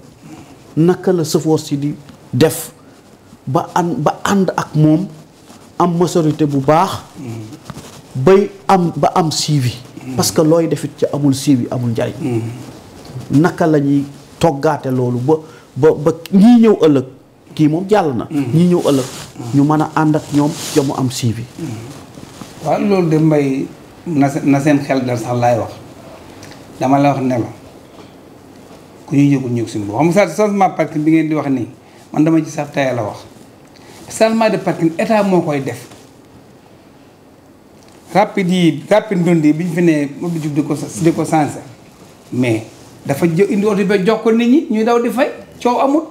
naka la sëfoor si di def ba an ba ànd ak moom am masorité bu baax hmm. bay am ba am suivi hmm. parce que looy defit ci amul suivi amul njariñ naka la ñuy toggaate loolu ba ba ñëw ëllëg kii moom jàll na ñii ñëw ëllëg ñu mën a ànd ak ñoom jamu am suivi
waaw loolu de mbay na na seen xel dal sax laay wax dama la wax ne la ku ñuy yëgul ñëg suñu bopp xam nga changement parking bi ngeen di wax nii man dama ci sax taya la wax changement de parking état moo koy def rapide yi rapide ndund yi bi ñu fi ne moom di ko di ko sensé mais dafa jë indi oto yi ba jox ko nit ñi ñuy daw di fay coow amut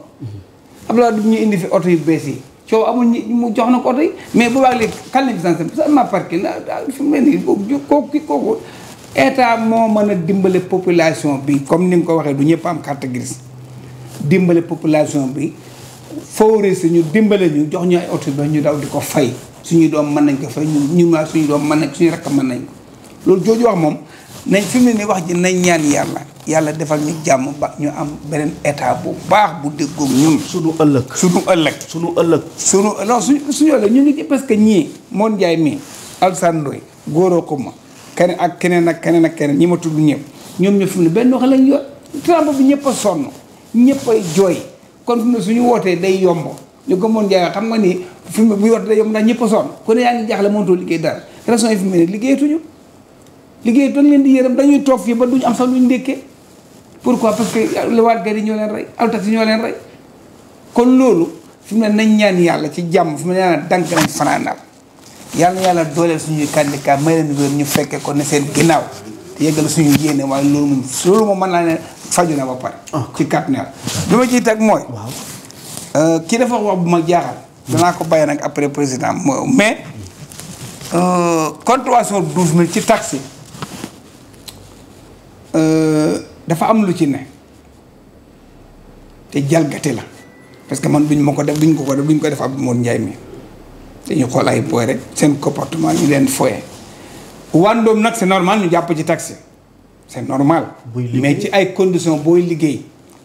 ab laa du ñu indi fi oto yu bees yi coow amul ñi mu jox na ko oto yi mais bu baax léegi kan lañ fi sanctionné parce que ma parking la fi mu ne nii kooku ki kooku état moo mën a dimbale population bi comme ni nga ko waxee du ñëpp am carte grise dimbale population bi favoriser ñu dimbale ñu jox ñu ay oto ba ñu daw di ko fay suñuy doom mën nañ ko fay ñu ñu suñu doom mën nañ suñu rakk mën nañ ko loolu jooju wax moom nañ fi mu ne nii wax ji nañ ñaan yàlla yàlla defal ñu jàmm ba ñu am beneen état bu baax bu déggoog ñun. suñu ëllëg suñu ëllëg. suñu ëllëg. suñu non suñu suñu ëllëg ñu ngi parce que ñii moon Ndiaye mii Alassane Ndoye góoroo ko ma keneen ak keneen ak keneen ak keneen ñi ma tudd ñëpp ñoom ñu fi mu ne benn wax lañ yor Trump bi ñëpp a ñëpp ay jooy kon fi mu ne wootee day yomb ñu ko moon Ndiaye xam nga ni fi mu bu yootee day yomb a sonn ku ne yaa ngi jaaxle mënatoo liggéey dara raison leen di yërëm dañuy toog fii ba duñ am sax luñ ndékkee pour quoi parce que waatkat yi ñoo leen rey altat yi ñoo leen rey kon loolu fi mu ne nañ ñaan yàlla ci jàmm fi mu ne yàlla dànk lañ fanaanaal yàlla yàlla dooleel suñuy candidat may leen wér ñu fekkee ko ne seen ginnaaw te yeggal suñu yéene waaye loolu moom loolu mën naa ne faju na ba pare ah. ci kàttan yàlla bi ma ciy teg mooy euh, kii dafa wax bu ma jaaxal danaa ko bàyyi nag après président mais euh, contribution douze mille ci taxi euh, dafa am lu ci ne te jalgati la parce que man ñu ma ko def duñ ko ko def duñ ko def ab moon njaay mi dañu xool ay boy rek seen comportement ñu leen foye wandoom nag c'est normal ñu jàpp ci taxi c'est normal mais ci ay conditions booy liggéey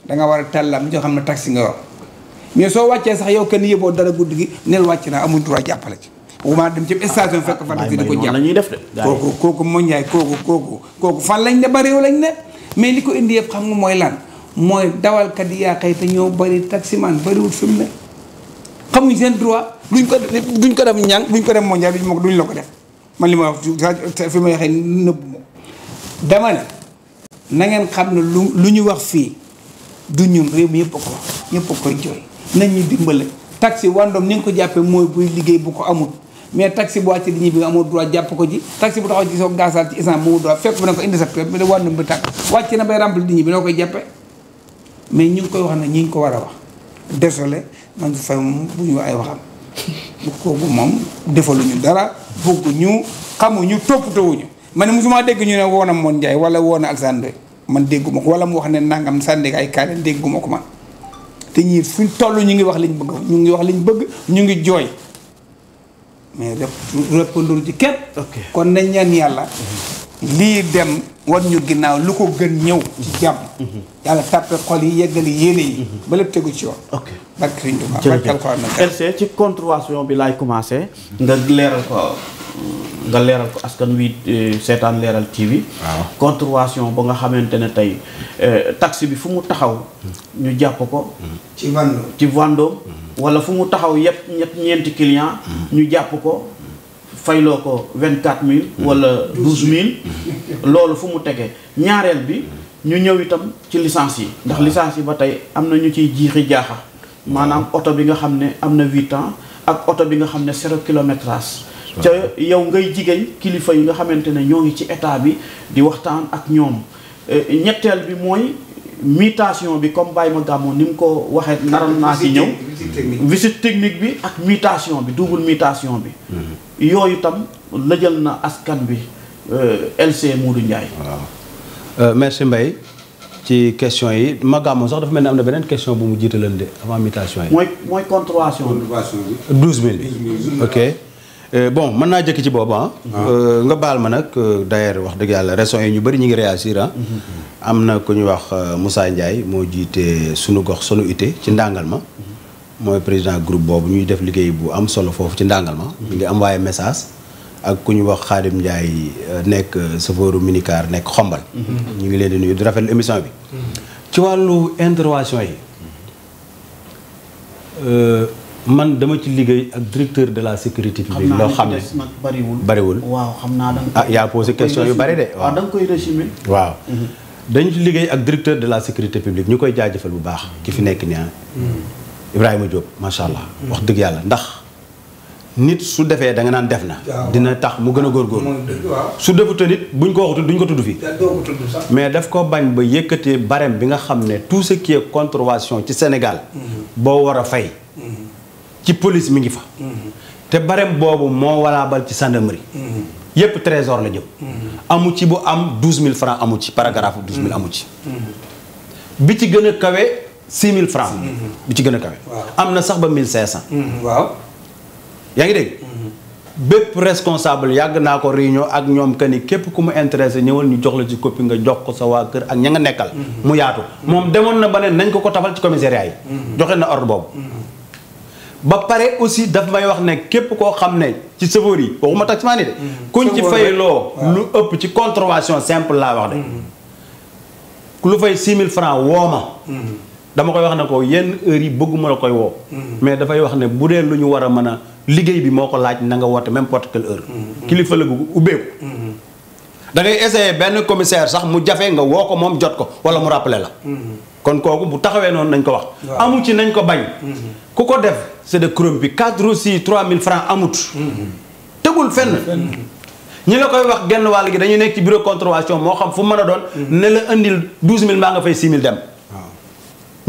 danga war a tàllam ñoo xam ne taxi nga yor mais soo wàccee sax yow kenn yëboo dara guddi gi neel wàcc naa amuñ droit jàppale ci bu ma dem ci station fekk fa ah, taxi ah, di ko
jàpp kooku
kooku monjaay kooku kooku kooku fan lañ ne ba mais li ko indi yëpp xam nga mooy lan mooy dawalkat yi yaa xëy te ñoo bëri taximan bëriwul fi mu ne xamuñ seen droit duñ ko duñ ko dem ñang duñ ko dem mondial bi duñ la ko def man li ma wax fi ma waxee nëbb moom dama ne na ngeen xam ne lu lu ñu wax fii du ñun réew mi yëpp a ko ñëpp a koy jooy nañ ñu dimbale si wandoom ni nga ko jàppee mooy buy liggéey bu ko amul mais taxi bu wàcce di ñibbi nga amoo droit jàpp ko ji taxi bu taxaw ci soo gaasal ci instant moomu droit fekk bi na ko indi sa pièce bi da war na ba tàkk wàcc na bay rempli di ñibbi noo koy jàppe mais ñu ngi wax ne ko wax désolé man fay moom ñu ay waxam bu kooku moom defaluñu dara bëgguñu xamuñu toppatoowuñu man ne dégg ñu ne woona moon Ndiaye wala woona ak Sandé man dégguma ko wala mu wax ne nangam Sandé ay kaale dégguma ko man te ñii fuñ toll ñu ngi wax liñ bëgg ñu ngi wax liñ bëgg ñu ngi jooy mais répondul ci kenn kon nañ ñaan yàlla mhm. lii dem wan ñu ginnaaw lu ko gën ñëw ci jàmm yàlla tàppe xol yi yeggali yéene yi ba lépp tegu ci yoon ok barke Sëriñ Tuubaa barke Alxuraan
ci contribution bi laay commencé nga leeral ko leeral ko askan wi eh, seetaan leeral TV waaw contribution ba nga xamante ne tey eh, taxi bi fu mu taxaw ñu jàpp ko ci Vendôme ci Vendôme mm-hmm. wala fu mu taxaw yëpp ñett client mm-hmm. ñu jàpp ko fayloo ko vingt quatre mille mm-hmm. wala douze mille
mm-hmm.
loolu fu mu tegee ñaareel bi mm-hmm. ñu ñëw itam ci licence yi ndax licence yi ba tey am na ñu ciy jiixi jaaxa maanaam oto bi nga xam ne am na huit ans ak oto bi nga xam ne zéro kilométrage ca yow ngay jigéen kilifa yi nga xamante ne ñoo ngi ci état bi di waxtaan ak ñoom eh, ñetteel bi mooy mutation bi comme Baye ma gàmmoon ni mu ko waxee naral naa ci ñëw visite technique bi ak mutation bi double mutation bi yooyu tam lëjal na askan bi euh, LC Modou Ndiaye. waaw
euh, merci mbay ci question yi ma gàmmoon sax dafa mel ni am na beneen question bu mu jiitaleen de avant mutation yi. mooy
mooy contravention bi. ok.
Euh, bon mën naa jëkk ci boobu ah. ah. nga baal ma nag d'ailleurs wax dëgg yàlla raison yi ñu bëri ñu ngi réagir ah. mm-hmm. am na ku ñuy wax Moussa Ndiaye moo jiite suñu gox sunu ité ci ndàngal ma. Mm-hmm. mooy président groupe boobu ñuy def liggéey bu am solo foofu ci ndàngal ma mi ngi am waaye message ak ku ñu wax Xaadim Ndiaye euh, nekk euh, chauffeuru minicar nekk xombal mhm. ñu ngi leen di nuyu di rafetlu émission bi mhm. ci wàllu intervention yi euh, man dama ci liggéey ak directeur de la sécurité publique loo xam ne
bariwul bariwul waaw xam naa ah yaa posé yu bari de ah, da nga koy résumé
waaw mhm. dañu liggéey ak directeur de la sécurité publique ñu koy jaajëfal bu baax ki fi nekk nii ah. Ibrahima Diop macha allah. wax dëgg yàlla ndax nit su defee da nga naan def na. dina tax mu gën a góor góor su defute nit buñ ko waxutul duñ ko tudd fii. mais daf ko bañ ba yëkkatee barème bi nga xam ne tout ce qui est contravention ci senegal mhm. boo war a fay. Mhm. ci police mi ngi fa. Mhm. te barème boobu moo walaabal ci gendarmerie. yépp trésor la jëm. amu ci bu am douze mille francs amu ci paragraphe douze mille amu ci. bi ci gën a kawe. six mille francs bi ci gën a kawe am na sax ba mille cinq cent mm-hmm. waaw yaa ngi dégg mm-hmm. bépp responsable yàgg naa ko réunion ak ñoom que ni képp ku mu intéressé ñëwal ñu jox la ci copie nga jox ko sa waa kër ak ña nga nekkal mm-hmm. mu yaatu moom demoon na ba ne nañ ko ko tafal ci commissariat yi joxe na ord boobu ba pare aussi daf may wax ne képp koo xam ne ci chauffeur yi waxuma taximaan yi de kuñ ci loo lu ëpp ci contravention simple laa wax de lu fay six mille dama koy wax ne ko yenn heures yi bëgguma la koy woo. Mm-hmm. mais dafay wax ne bu dee lu ñu war a mën a liggéey bi moo ko laaj na nga woote même porte quelle heure.
Mm-hmm. kilifa
la gu ubbeeku. Mm-hmm. da ngay essayer benn commissaire sax mu jafe nga woo ko moom jot ko wala mu rappelé la. kon kooku bu taxawee noonu nañ ko wax. amu ci nañ ko bañ. ku ko def c' est de corrompu quatre ou six trois mille francs amut. tegul fenn. ñi la koy wax genn wàll gi dañu nekk ci bureau contravention moo xam fu a doon. la indil douze mille mbaa nga fay six dem.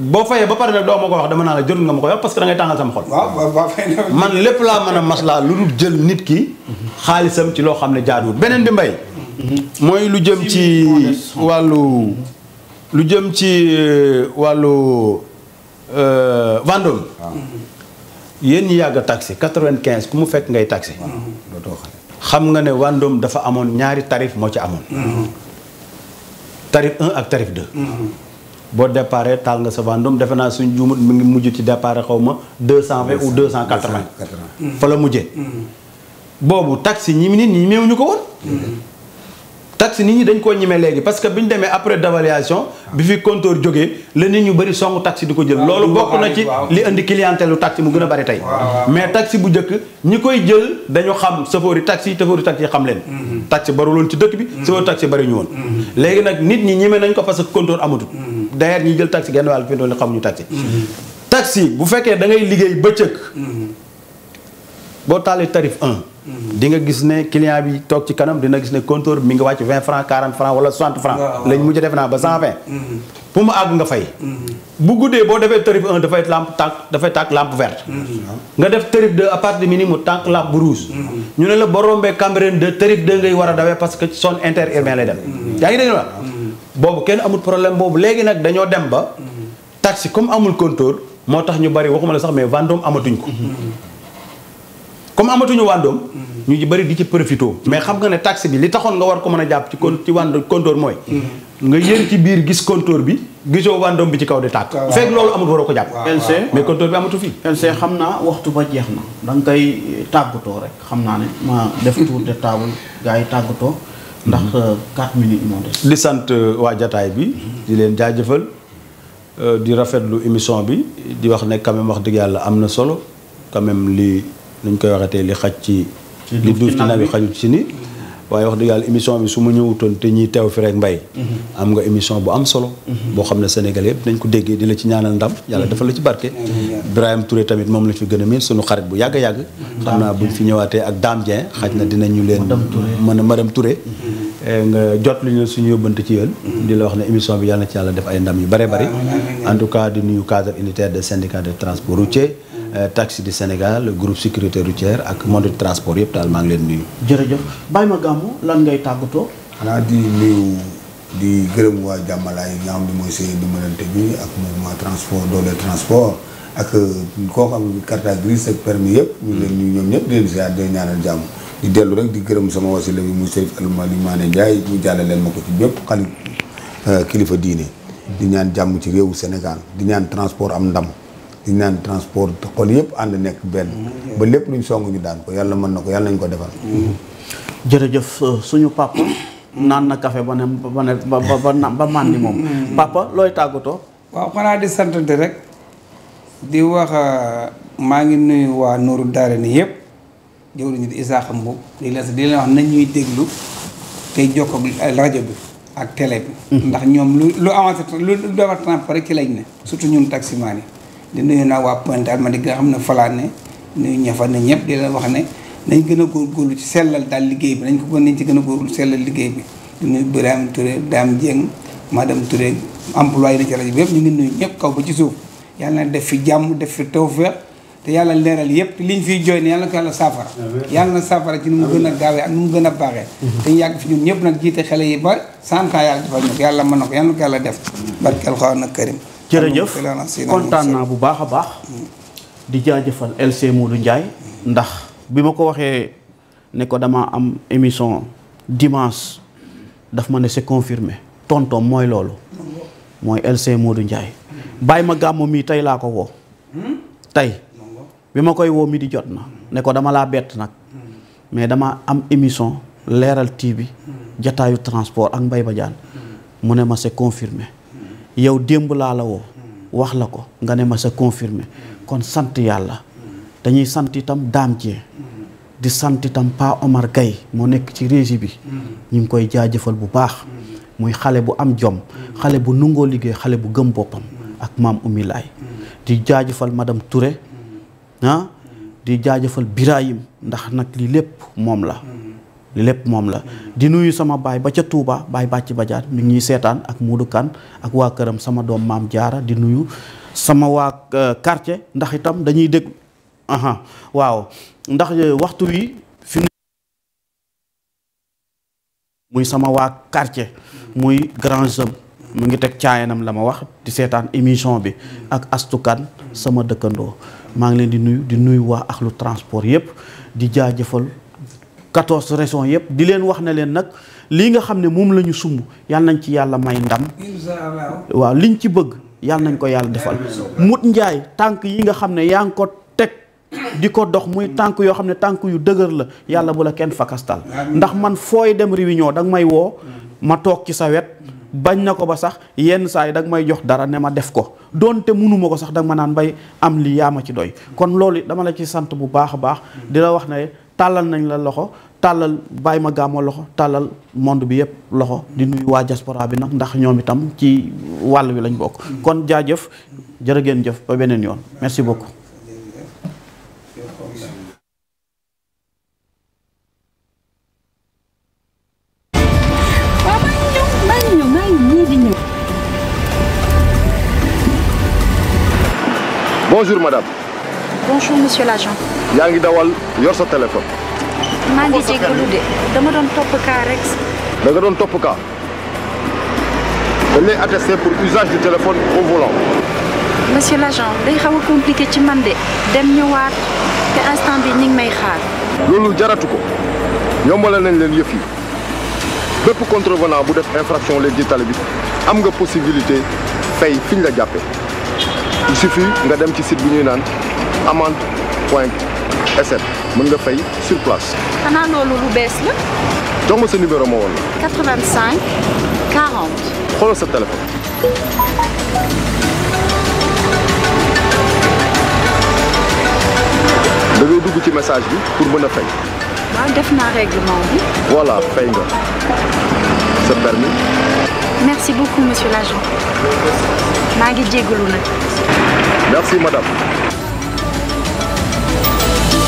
boo fayee ba pare nag doo ma ko wax dama naa la jërul nga ma koy wax parce que da ngay tàngal sama xol. man lépp laa mën a maslaa lu dul jël nit ki. xaalisam ci loo xam ne jaaduwul beneen bi mbay. mooy lu jëm ci wàllu lu jëm ci euh, wàllu euh, Vendôme. yéen ñi yàgg a taxi quatre-vingt-quinze ku mu fekk ngay taxi. xam nga ne Vendôme dafa amoon ñaari tarif moo ci amoon. Mm-hmm. tarif un ak tarif deux. Mm-hmm. boo déparé taal nga sa vendum defe naa suñ juumut mu ngi mujj ci déparé xaw ma deux cent vingt ou deux cent quatre
vingt fa
la mujjee boobu taxi ñi nit ñi ñemewuñu ko woon taxi nit ñi dañ koo ñemee léegi parce que bi ñu demee après dévaluation bi fi compteur jógee la nit ñu bëri songu taxi di ko jël loolu bokk na ci li indi clientèle lu taxi mu gën a bëri tey mais taxi bu njëkk ñi koy jël dañu xam safoori taxi safoori taxi xam leen mm-hmm. taxi baruloon ci dëkk bi safoori taxi bari ñu woon mm-hmm. léegi nag nit ñi ñemee nañ ko parce que compteur amatul mm-hmm. d'ailleurs ñi jël taxi genn wàll fi doon xamuñu taxi. taxi bu fekkee da ngay liggéey bëccëg. boo taalee tarif 1. di nga gis ne client bi toog ci kanam dina gis ne compteur bi mi nga wàcc 20 francs 40 francs wala 60 francs. lañ mujj def naa ba 120. Mm-hmm. pour mu àgg nga fay. Mm-hmm. bu guddee boo defee tarif 1 dafay lampe tànk dafay tàkk lampe vert nga def tarif 2 à de minuit mu tànk lampe bu rouge. ñu ne la borom rombee Cambérène 2 tarif 2 ngay war a dawee parce que zone interurbaine lay dem. Mm-hmm. yaa ngi dégg la boobu kenn amul problème boobu léegi nag dañoo dem ba. Mm-hmm. taxi comme amul contour moo tax ñu bari waxuma la sax mais vendome amatuñ ko. Mm-hmm. comme amatuñu wàndoom mm-hmm. ñu ci bëri di ci profito mais xam nga ne taxe bi li taxoon nga war ko mën a jàpp ci kon ci wàndoom mooy mm-hmm. nga yéen ci biir gis contour bi gisoo wàndoom bi ci kaw di tàkk fekk loolu amul waroo ko jàpp LC mais compteur bi
amatu fii LC xam naa waxtu ba jeex na da nga koy tàggatoo rek xam naa ne ma def tour de table gaa yi tàggatoo ndax 4 mm-hmm. euh, minutes moo des di sant euh, waa
jataay bi di leen jaajëfal euh, di rafetlu émission bi di wax ne quand même wax dëgg yàlla am na solo nuñ koy waxee waxatee li xaj ci li duuf ci nabi xajut ci ni waaye wax dëgg yàlla émission bi su ma ñëwutoon te ñuy teew fi rek mbay mm-hmm. am nga émission bu am solo mm-hmm. boo xam ne Sénégal yëpp dañ ko déggee di la ci ñaanal ndam mm-hmm. yàlla dafa la ci barke Ibrahima Touré tamit moom la fi gën a miin suñu xarit bu yàgg yàgg xam naa buñ fi ñëwaatee ak Dame Dieng xaj na ñu leen mën a madame Touré eh, nga jot lu ñu suñu yóbbante ci yéen di la wax ne émission bi yàlla na ci yàlla def ay ndam yu bare bari en tout cas di nuyu cadre unitaire de syndicat de transport Euh, taxi du Sénégal groupe sécurité routière ak monde du transport yëpp daal maa ngi leen nuyu.
jërëjëf Baye ma Gamou lan ngay tàggatoo.
xanaa di nuyu di gërëm
waa jàmmalaay yi nga xam ne mooy di seen dimbalante bi ak mouvement transport doole transport ak euh, koo xam carte grise ak permis yëpp. ñu leen nuyu ñoom ñëpp di leen ziar di ñaanal jàmm. di dellu rek di gërëm sama wasila bi mu Seydi Almaañ Maane Ndiaye mu leen ma ko ci bépp xalit euh, kilifa diine. di ñaan jàmm ci réewu Sénégal di ñaan transport am ndam. di naan transport xol yëpp ànd nekk benn. ba lépp luñ song ñu daan ko yàlla mën na ko yàlla nañ ko defal.
jërëjëf euh, suñu papa. naan na café ba ne ba ne ba ba ba màndi moom. Mm. papa looy tàggatoo. waaw xanaa di santante rek di wax
euh, maa ngi nuyu waa Nooru Daara ni yëpp jëwriñu di Isaaxa Mbuub di leen di leen wax nañ ñuy déglu tey jokk ak euh, rajo bi ak télé bi. Mm. ndax ñoom lu lu avancé lu defar transport rek ci lañ ne. surtout ñun taximaan yi. di nuyu naa waa Pointe Almadies nga xam ne falaan ne nuyu ñafa ne ñëpp di la wax ne nañ gën a góorlu ci sellal daal liggéey bi nañ ko gën nañ ci gën a góorgóorlu sellal liggéey bi di nuyu Birame Touré Dame Dieng madame Touré employé na ci rajo bi yëpp ñu ngi nuyu ñëpp kaw ba ci suuf yàlla na def fi jàmm def fi tawfeex te yàlla leeral yëpp liñ fiy jooy ne yàlla na ko yàlla saafara yàlla na saafara ci nu mu gën a gaawee ak nu mu gën a baaxee te ñu yàgg fi ñun ñëpp nag jiite xele yi ba cent yàlla defal ñu ko yàlla mën na ko
yàlla ko yàlla def barke alxuraan ak karim jërëjëf kontaan naa bu baax a baax di jaajëfal LC Modou Ndiaye ndax bi ma ko waxee ne ko dama am émission dimanche dafa ma ne se confirmé tontom mooy loolu mooy LC Modou Ndiaye bàyyi ma gàmm mii tey laa ko woo tey bi ma koy woo mi di jot na ne ko dama laa bett nag mais dama am émission leeral TV bi jataayu transport ak mbay ba Badiane mu ne ma c'est confirmé yow démb laa la woo wax la ko nga ne ma sa confirmé kon sant yàlla dañuy sant itam daam jee di sant itam Pa Omar Gaye moo nekk ci régie bi ñu ngi koy jaajëfal bu baax muy xale bu am jom xale bu nungoo liggéey xale bu gëm boppam ak maam Oumy di jaajëfal madame ture ah, di jaajëfal Birahim ndax nag lii lépp moom la lépp moom la di nuyu sama baay ba ca Touba baay bàcc bajaat mi ngi ñuy seetaan ak Moodu Kan ak waa këram sama doom maam jaara di nuyu sama waa euh, quartier ndax itam dañuy dégg aha waaw ndax euh, waxtu wi fi muy sama waa quartier muy grand jeune mu ngi teg caayanam la ma wax di seetaan émission bi ak astukan sama dëkkandoo maa ngi leen di nuyu di nuyu waa axlu transport yépp di jaajëfal 14 régions yëpp di leen wax na leen nag lii nga xam ne moom la ñu sumb yàlla nañ ci yàlla may ndam waaw liñ ci bëgg yàlla nañ ko yàlla defal mut njaay tànk yi nga xam ne yaa ngi ko teg di ko dox muy tànk yoo xam ne tànk yu dëgër la yàlla bu la kenn fakastal ndax man fooy dem réunion danga may woo ma toog ci sa wet bañ na ko ba sax yenn saa yi danga may jox dara ne ma def ko doonte munuma ko sax danga ma naan bay am li yaa ma ci doy kon loolu dama tàllal nañ la loxo tàllal bàyyi ma gàmmoo loxo tàllal monde bi yëpp loxo di nuyu waa diaspora bi nag ndax ñoom itam ci wàll wi lañ bokk. Mm-hmm. kon jaajëf jërë ngeen jëf ba beneen yoon merci beaucoup. bonjour monsieur l'agent.
yaa ngi dawal yor sa téléphone.
maa ngi jégalu de dama doon topp kaa rek.
da nga doon topp kaa dañ lay attesté pour usage du téléphone au volant.
monsieur l'agent day xaw a compliqué ci man de dem ñëwaat te instant bi ñu ngi may xaar.
loolu jaratu ko yombale nañ leen yëf yi bépp contrevenant bu def infraction leen ji tali bi am nga possibilité fay fiñ la jàppee suffit nga dem ci site bi ñuy naan. amende point sn mën nga fay sur place.
xanaa loolu lu bees la.
jox ma sa numéro ma woon la. 85 téléphone. da dugg ci message bi pour mën a fay.
waaw def naa
règlement
bi. voilà fay nga sa permis.
merci beaucoup monsieur l'agent maa ngi jégalu nag. merci madame.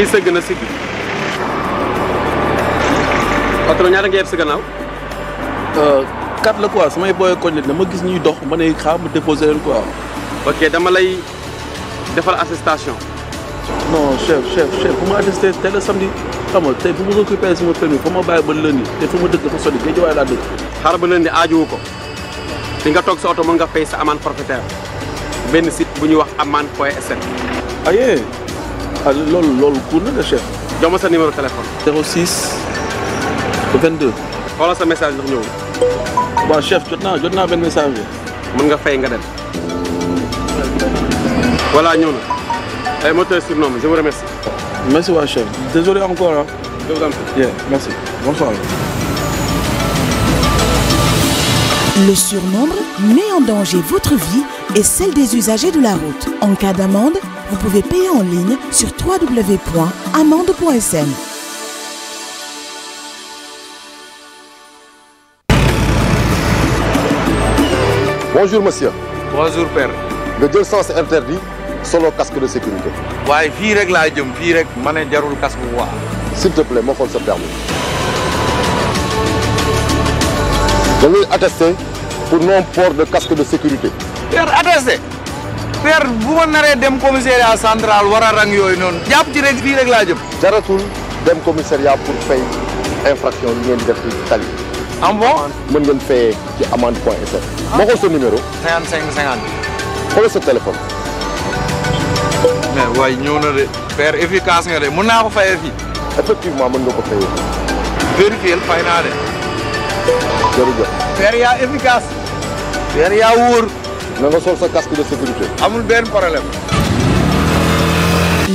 kii sëgg na sigg patron ñaata nga yeb si gannaaw. kat euh, la quoi samay booyee koñ la dama gis ñuy dox ma ne xaar ma déposé leen quoi. ok dama lay defal attestation. non chef chef chef bu ma attesté tey la samedi xam nga tey bu ma occupé sama permis fa ma bàyyi ba lundi te fu ma dëkk dafa sori géej waaye laa dëkk. xaaral ba lundi aajuwu ko di nga toog sa oto mën nga fay sa amende forfaitaire benn site bu ñuy wax amende point sn. Ah, ah loolu loolu cour na de chef. jox ma sa numéro téléphone. 06 22. xoolal sa message ndax ñëwul. waaw chef jot naa jot naa benn message bi. mën nga fay nga dem. voilà ñëw na. ay moteur surnom je vous remercie. merci waa chef. désolé encore ah. merci bonsoir.
Le surnombre met en danger votre vie et celle des usagers de la route. En cas d'amende, vous pouvez payer en ligne sur www.amende.sn.
Bonjour monsieur. Bonjour père. nga jël sens interdit solo casque de sécurité. waaye fii rek laa jëm fii rek ma ne jarul casque da ngay attesté pour non port de casque de sécurité. père attesté. père bu ma naree dem commissariat central war a rang yooyu noonu. jàpp ci rek fii rek laa jëm. jaratul dem commissariat pour fay infraction yi ngeen def ci tali. am ah bon mën ngeen fayee ci amende point moo xool sa numéro. 55 50. xoolal sa téléphone. mais waaye ñëw na de. père efficace nga de mën naa ko fayee fii. effectivement mën nga ko fayee. vérifier fay naa de. jërëjëf. père
yaa efficace.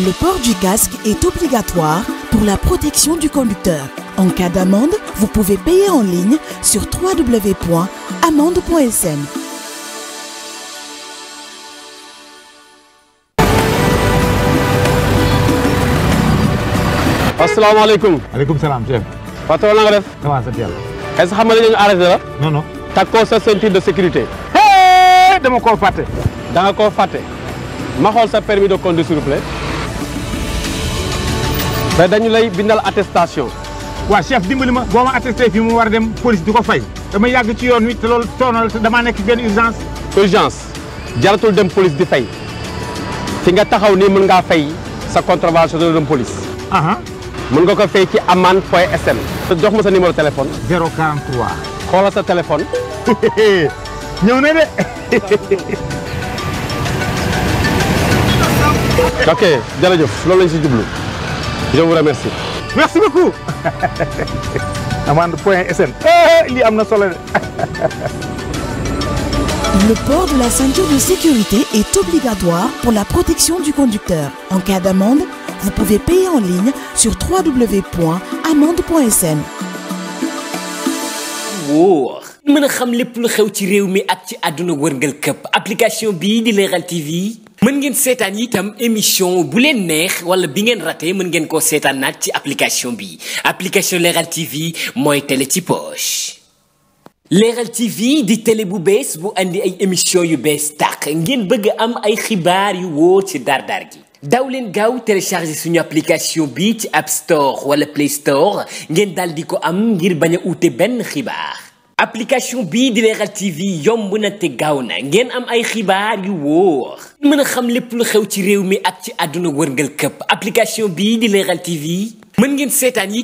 Le port du casque est obligatoire pour la protection du conducteur. En cas d'amende, vous pouvez payer en ligne sur www.amende.sn.
asalaamaaleykum. maaleykum est-ce que xam nga dañu arrêté la. non non takkoo sa ceinture de sécurité. dama koo fàtte. da koo fàtte ma xool sa permis de conduire s'il vous plaît. mais dañu lay bindal attestation. waa chef dimbali ma boo ma attesté fii mu war a dem police di ko fay dama yàgg ci yoon wi lool loolu toonal damaa nekk benn urgence. urgence jaratul dem police di fay fi nga taxaw nii mën ngaa fay sa contravention de dem police. mën nga ko fay ci aman point sn. jox ma sa numéro téléphone. 043. xoolal sa téléphone. *laughs* ñëw na de. *laughs* ok lañ si jublu je vous remercie. merci beaucoup. *laughs* amande point sn. Eh, lii am na solo
de. Le port de la ceinture de sécurité est obligatoire pour la protection du conducteur. En cas d'amende, Vous pouvez payer en ligne sur www.amende.sn.
mën a xam lépp lu xew ci réew mi ak ci àdduna wërngal këpp application bii di Leral TV. mën ngeen seetaan itam émission bu leen neex wala bi ngeen raté mën ngeen koo seetaanaat ci application bi application Leral TV mooy tele ci poche. Leral TV di tele bu bees bu indi ay émission yu bees tàq ngeen bëgg am ay xibaar yu wóor ci dar-dar gi. daw leen gaaw télécharger suñu application bi ci App Store wala Play Store ngeen daal di ko am ngir bañ a uute benn xibaar application bii di Leral TV yomb na te gaaw na ngeen am ay xibaar yu wóor mën a xam lépp lu xew ci réew mi ak ci adduna wërngal këpp application bi di Leral TV
mën ngeen seetaan yi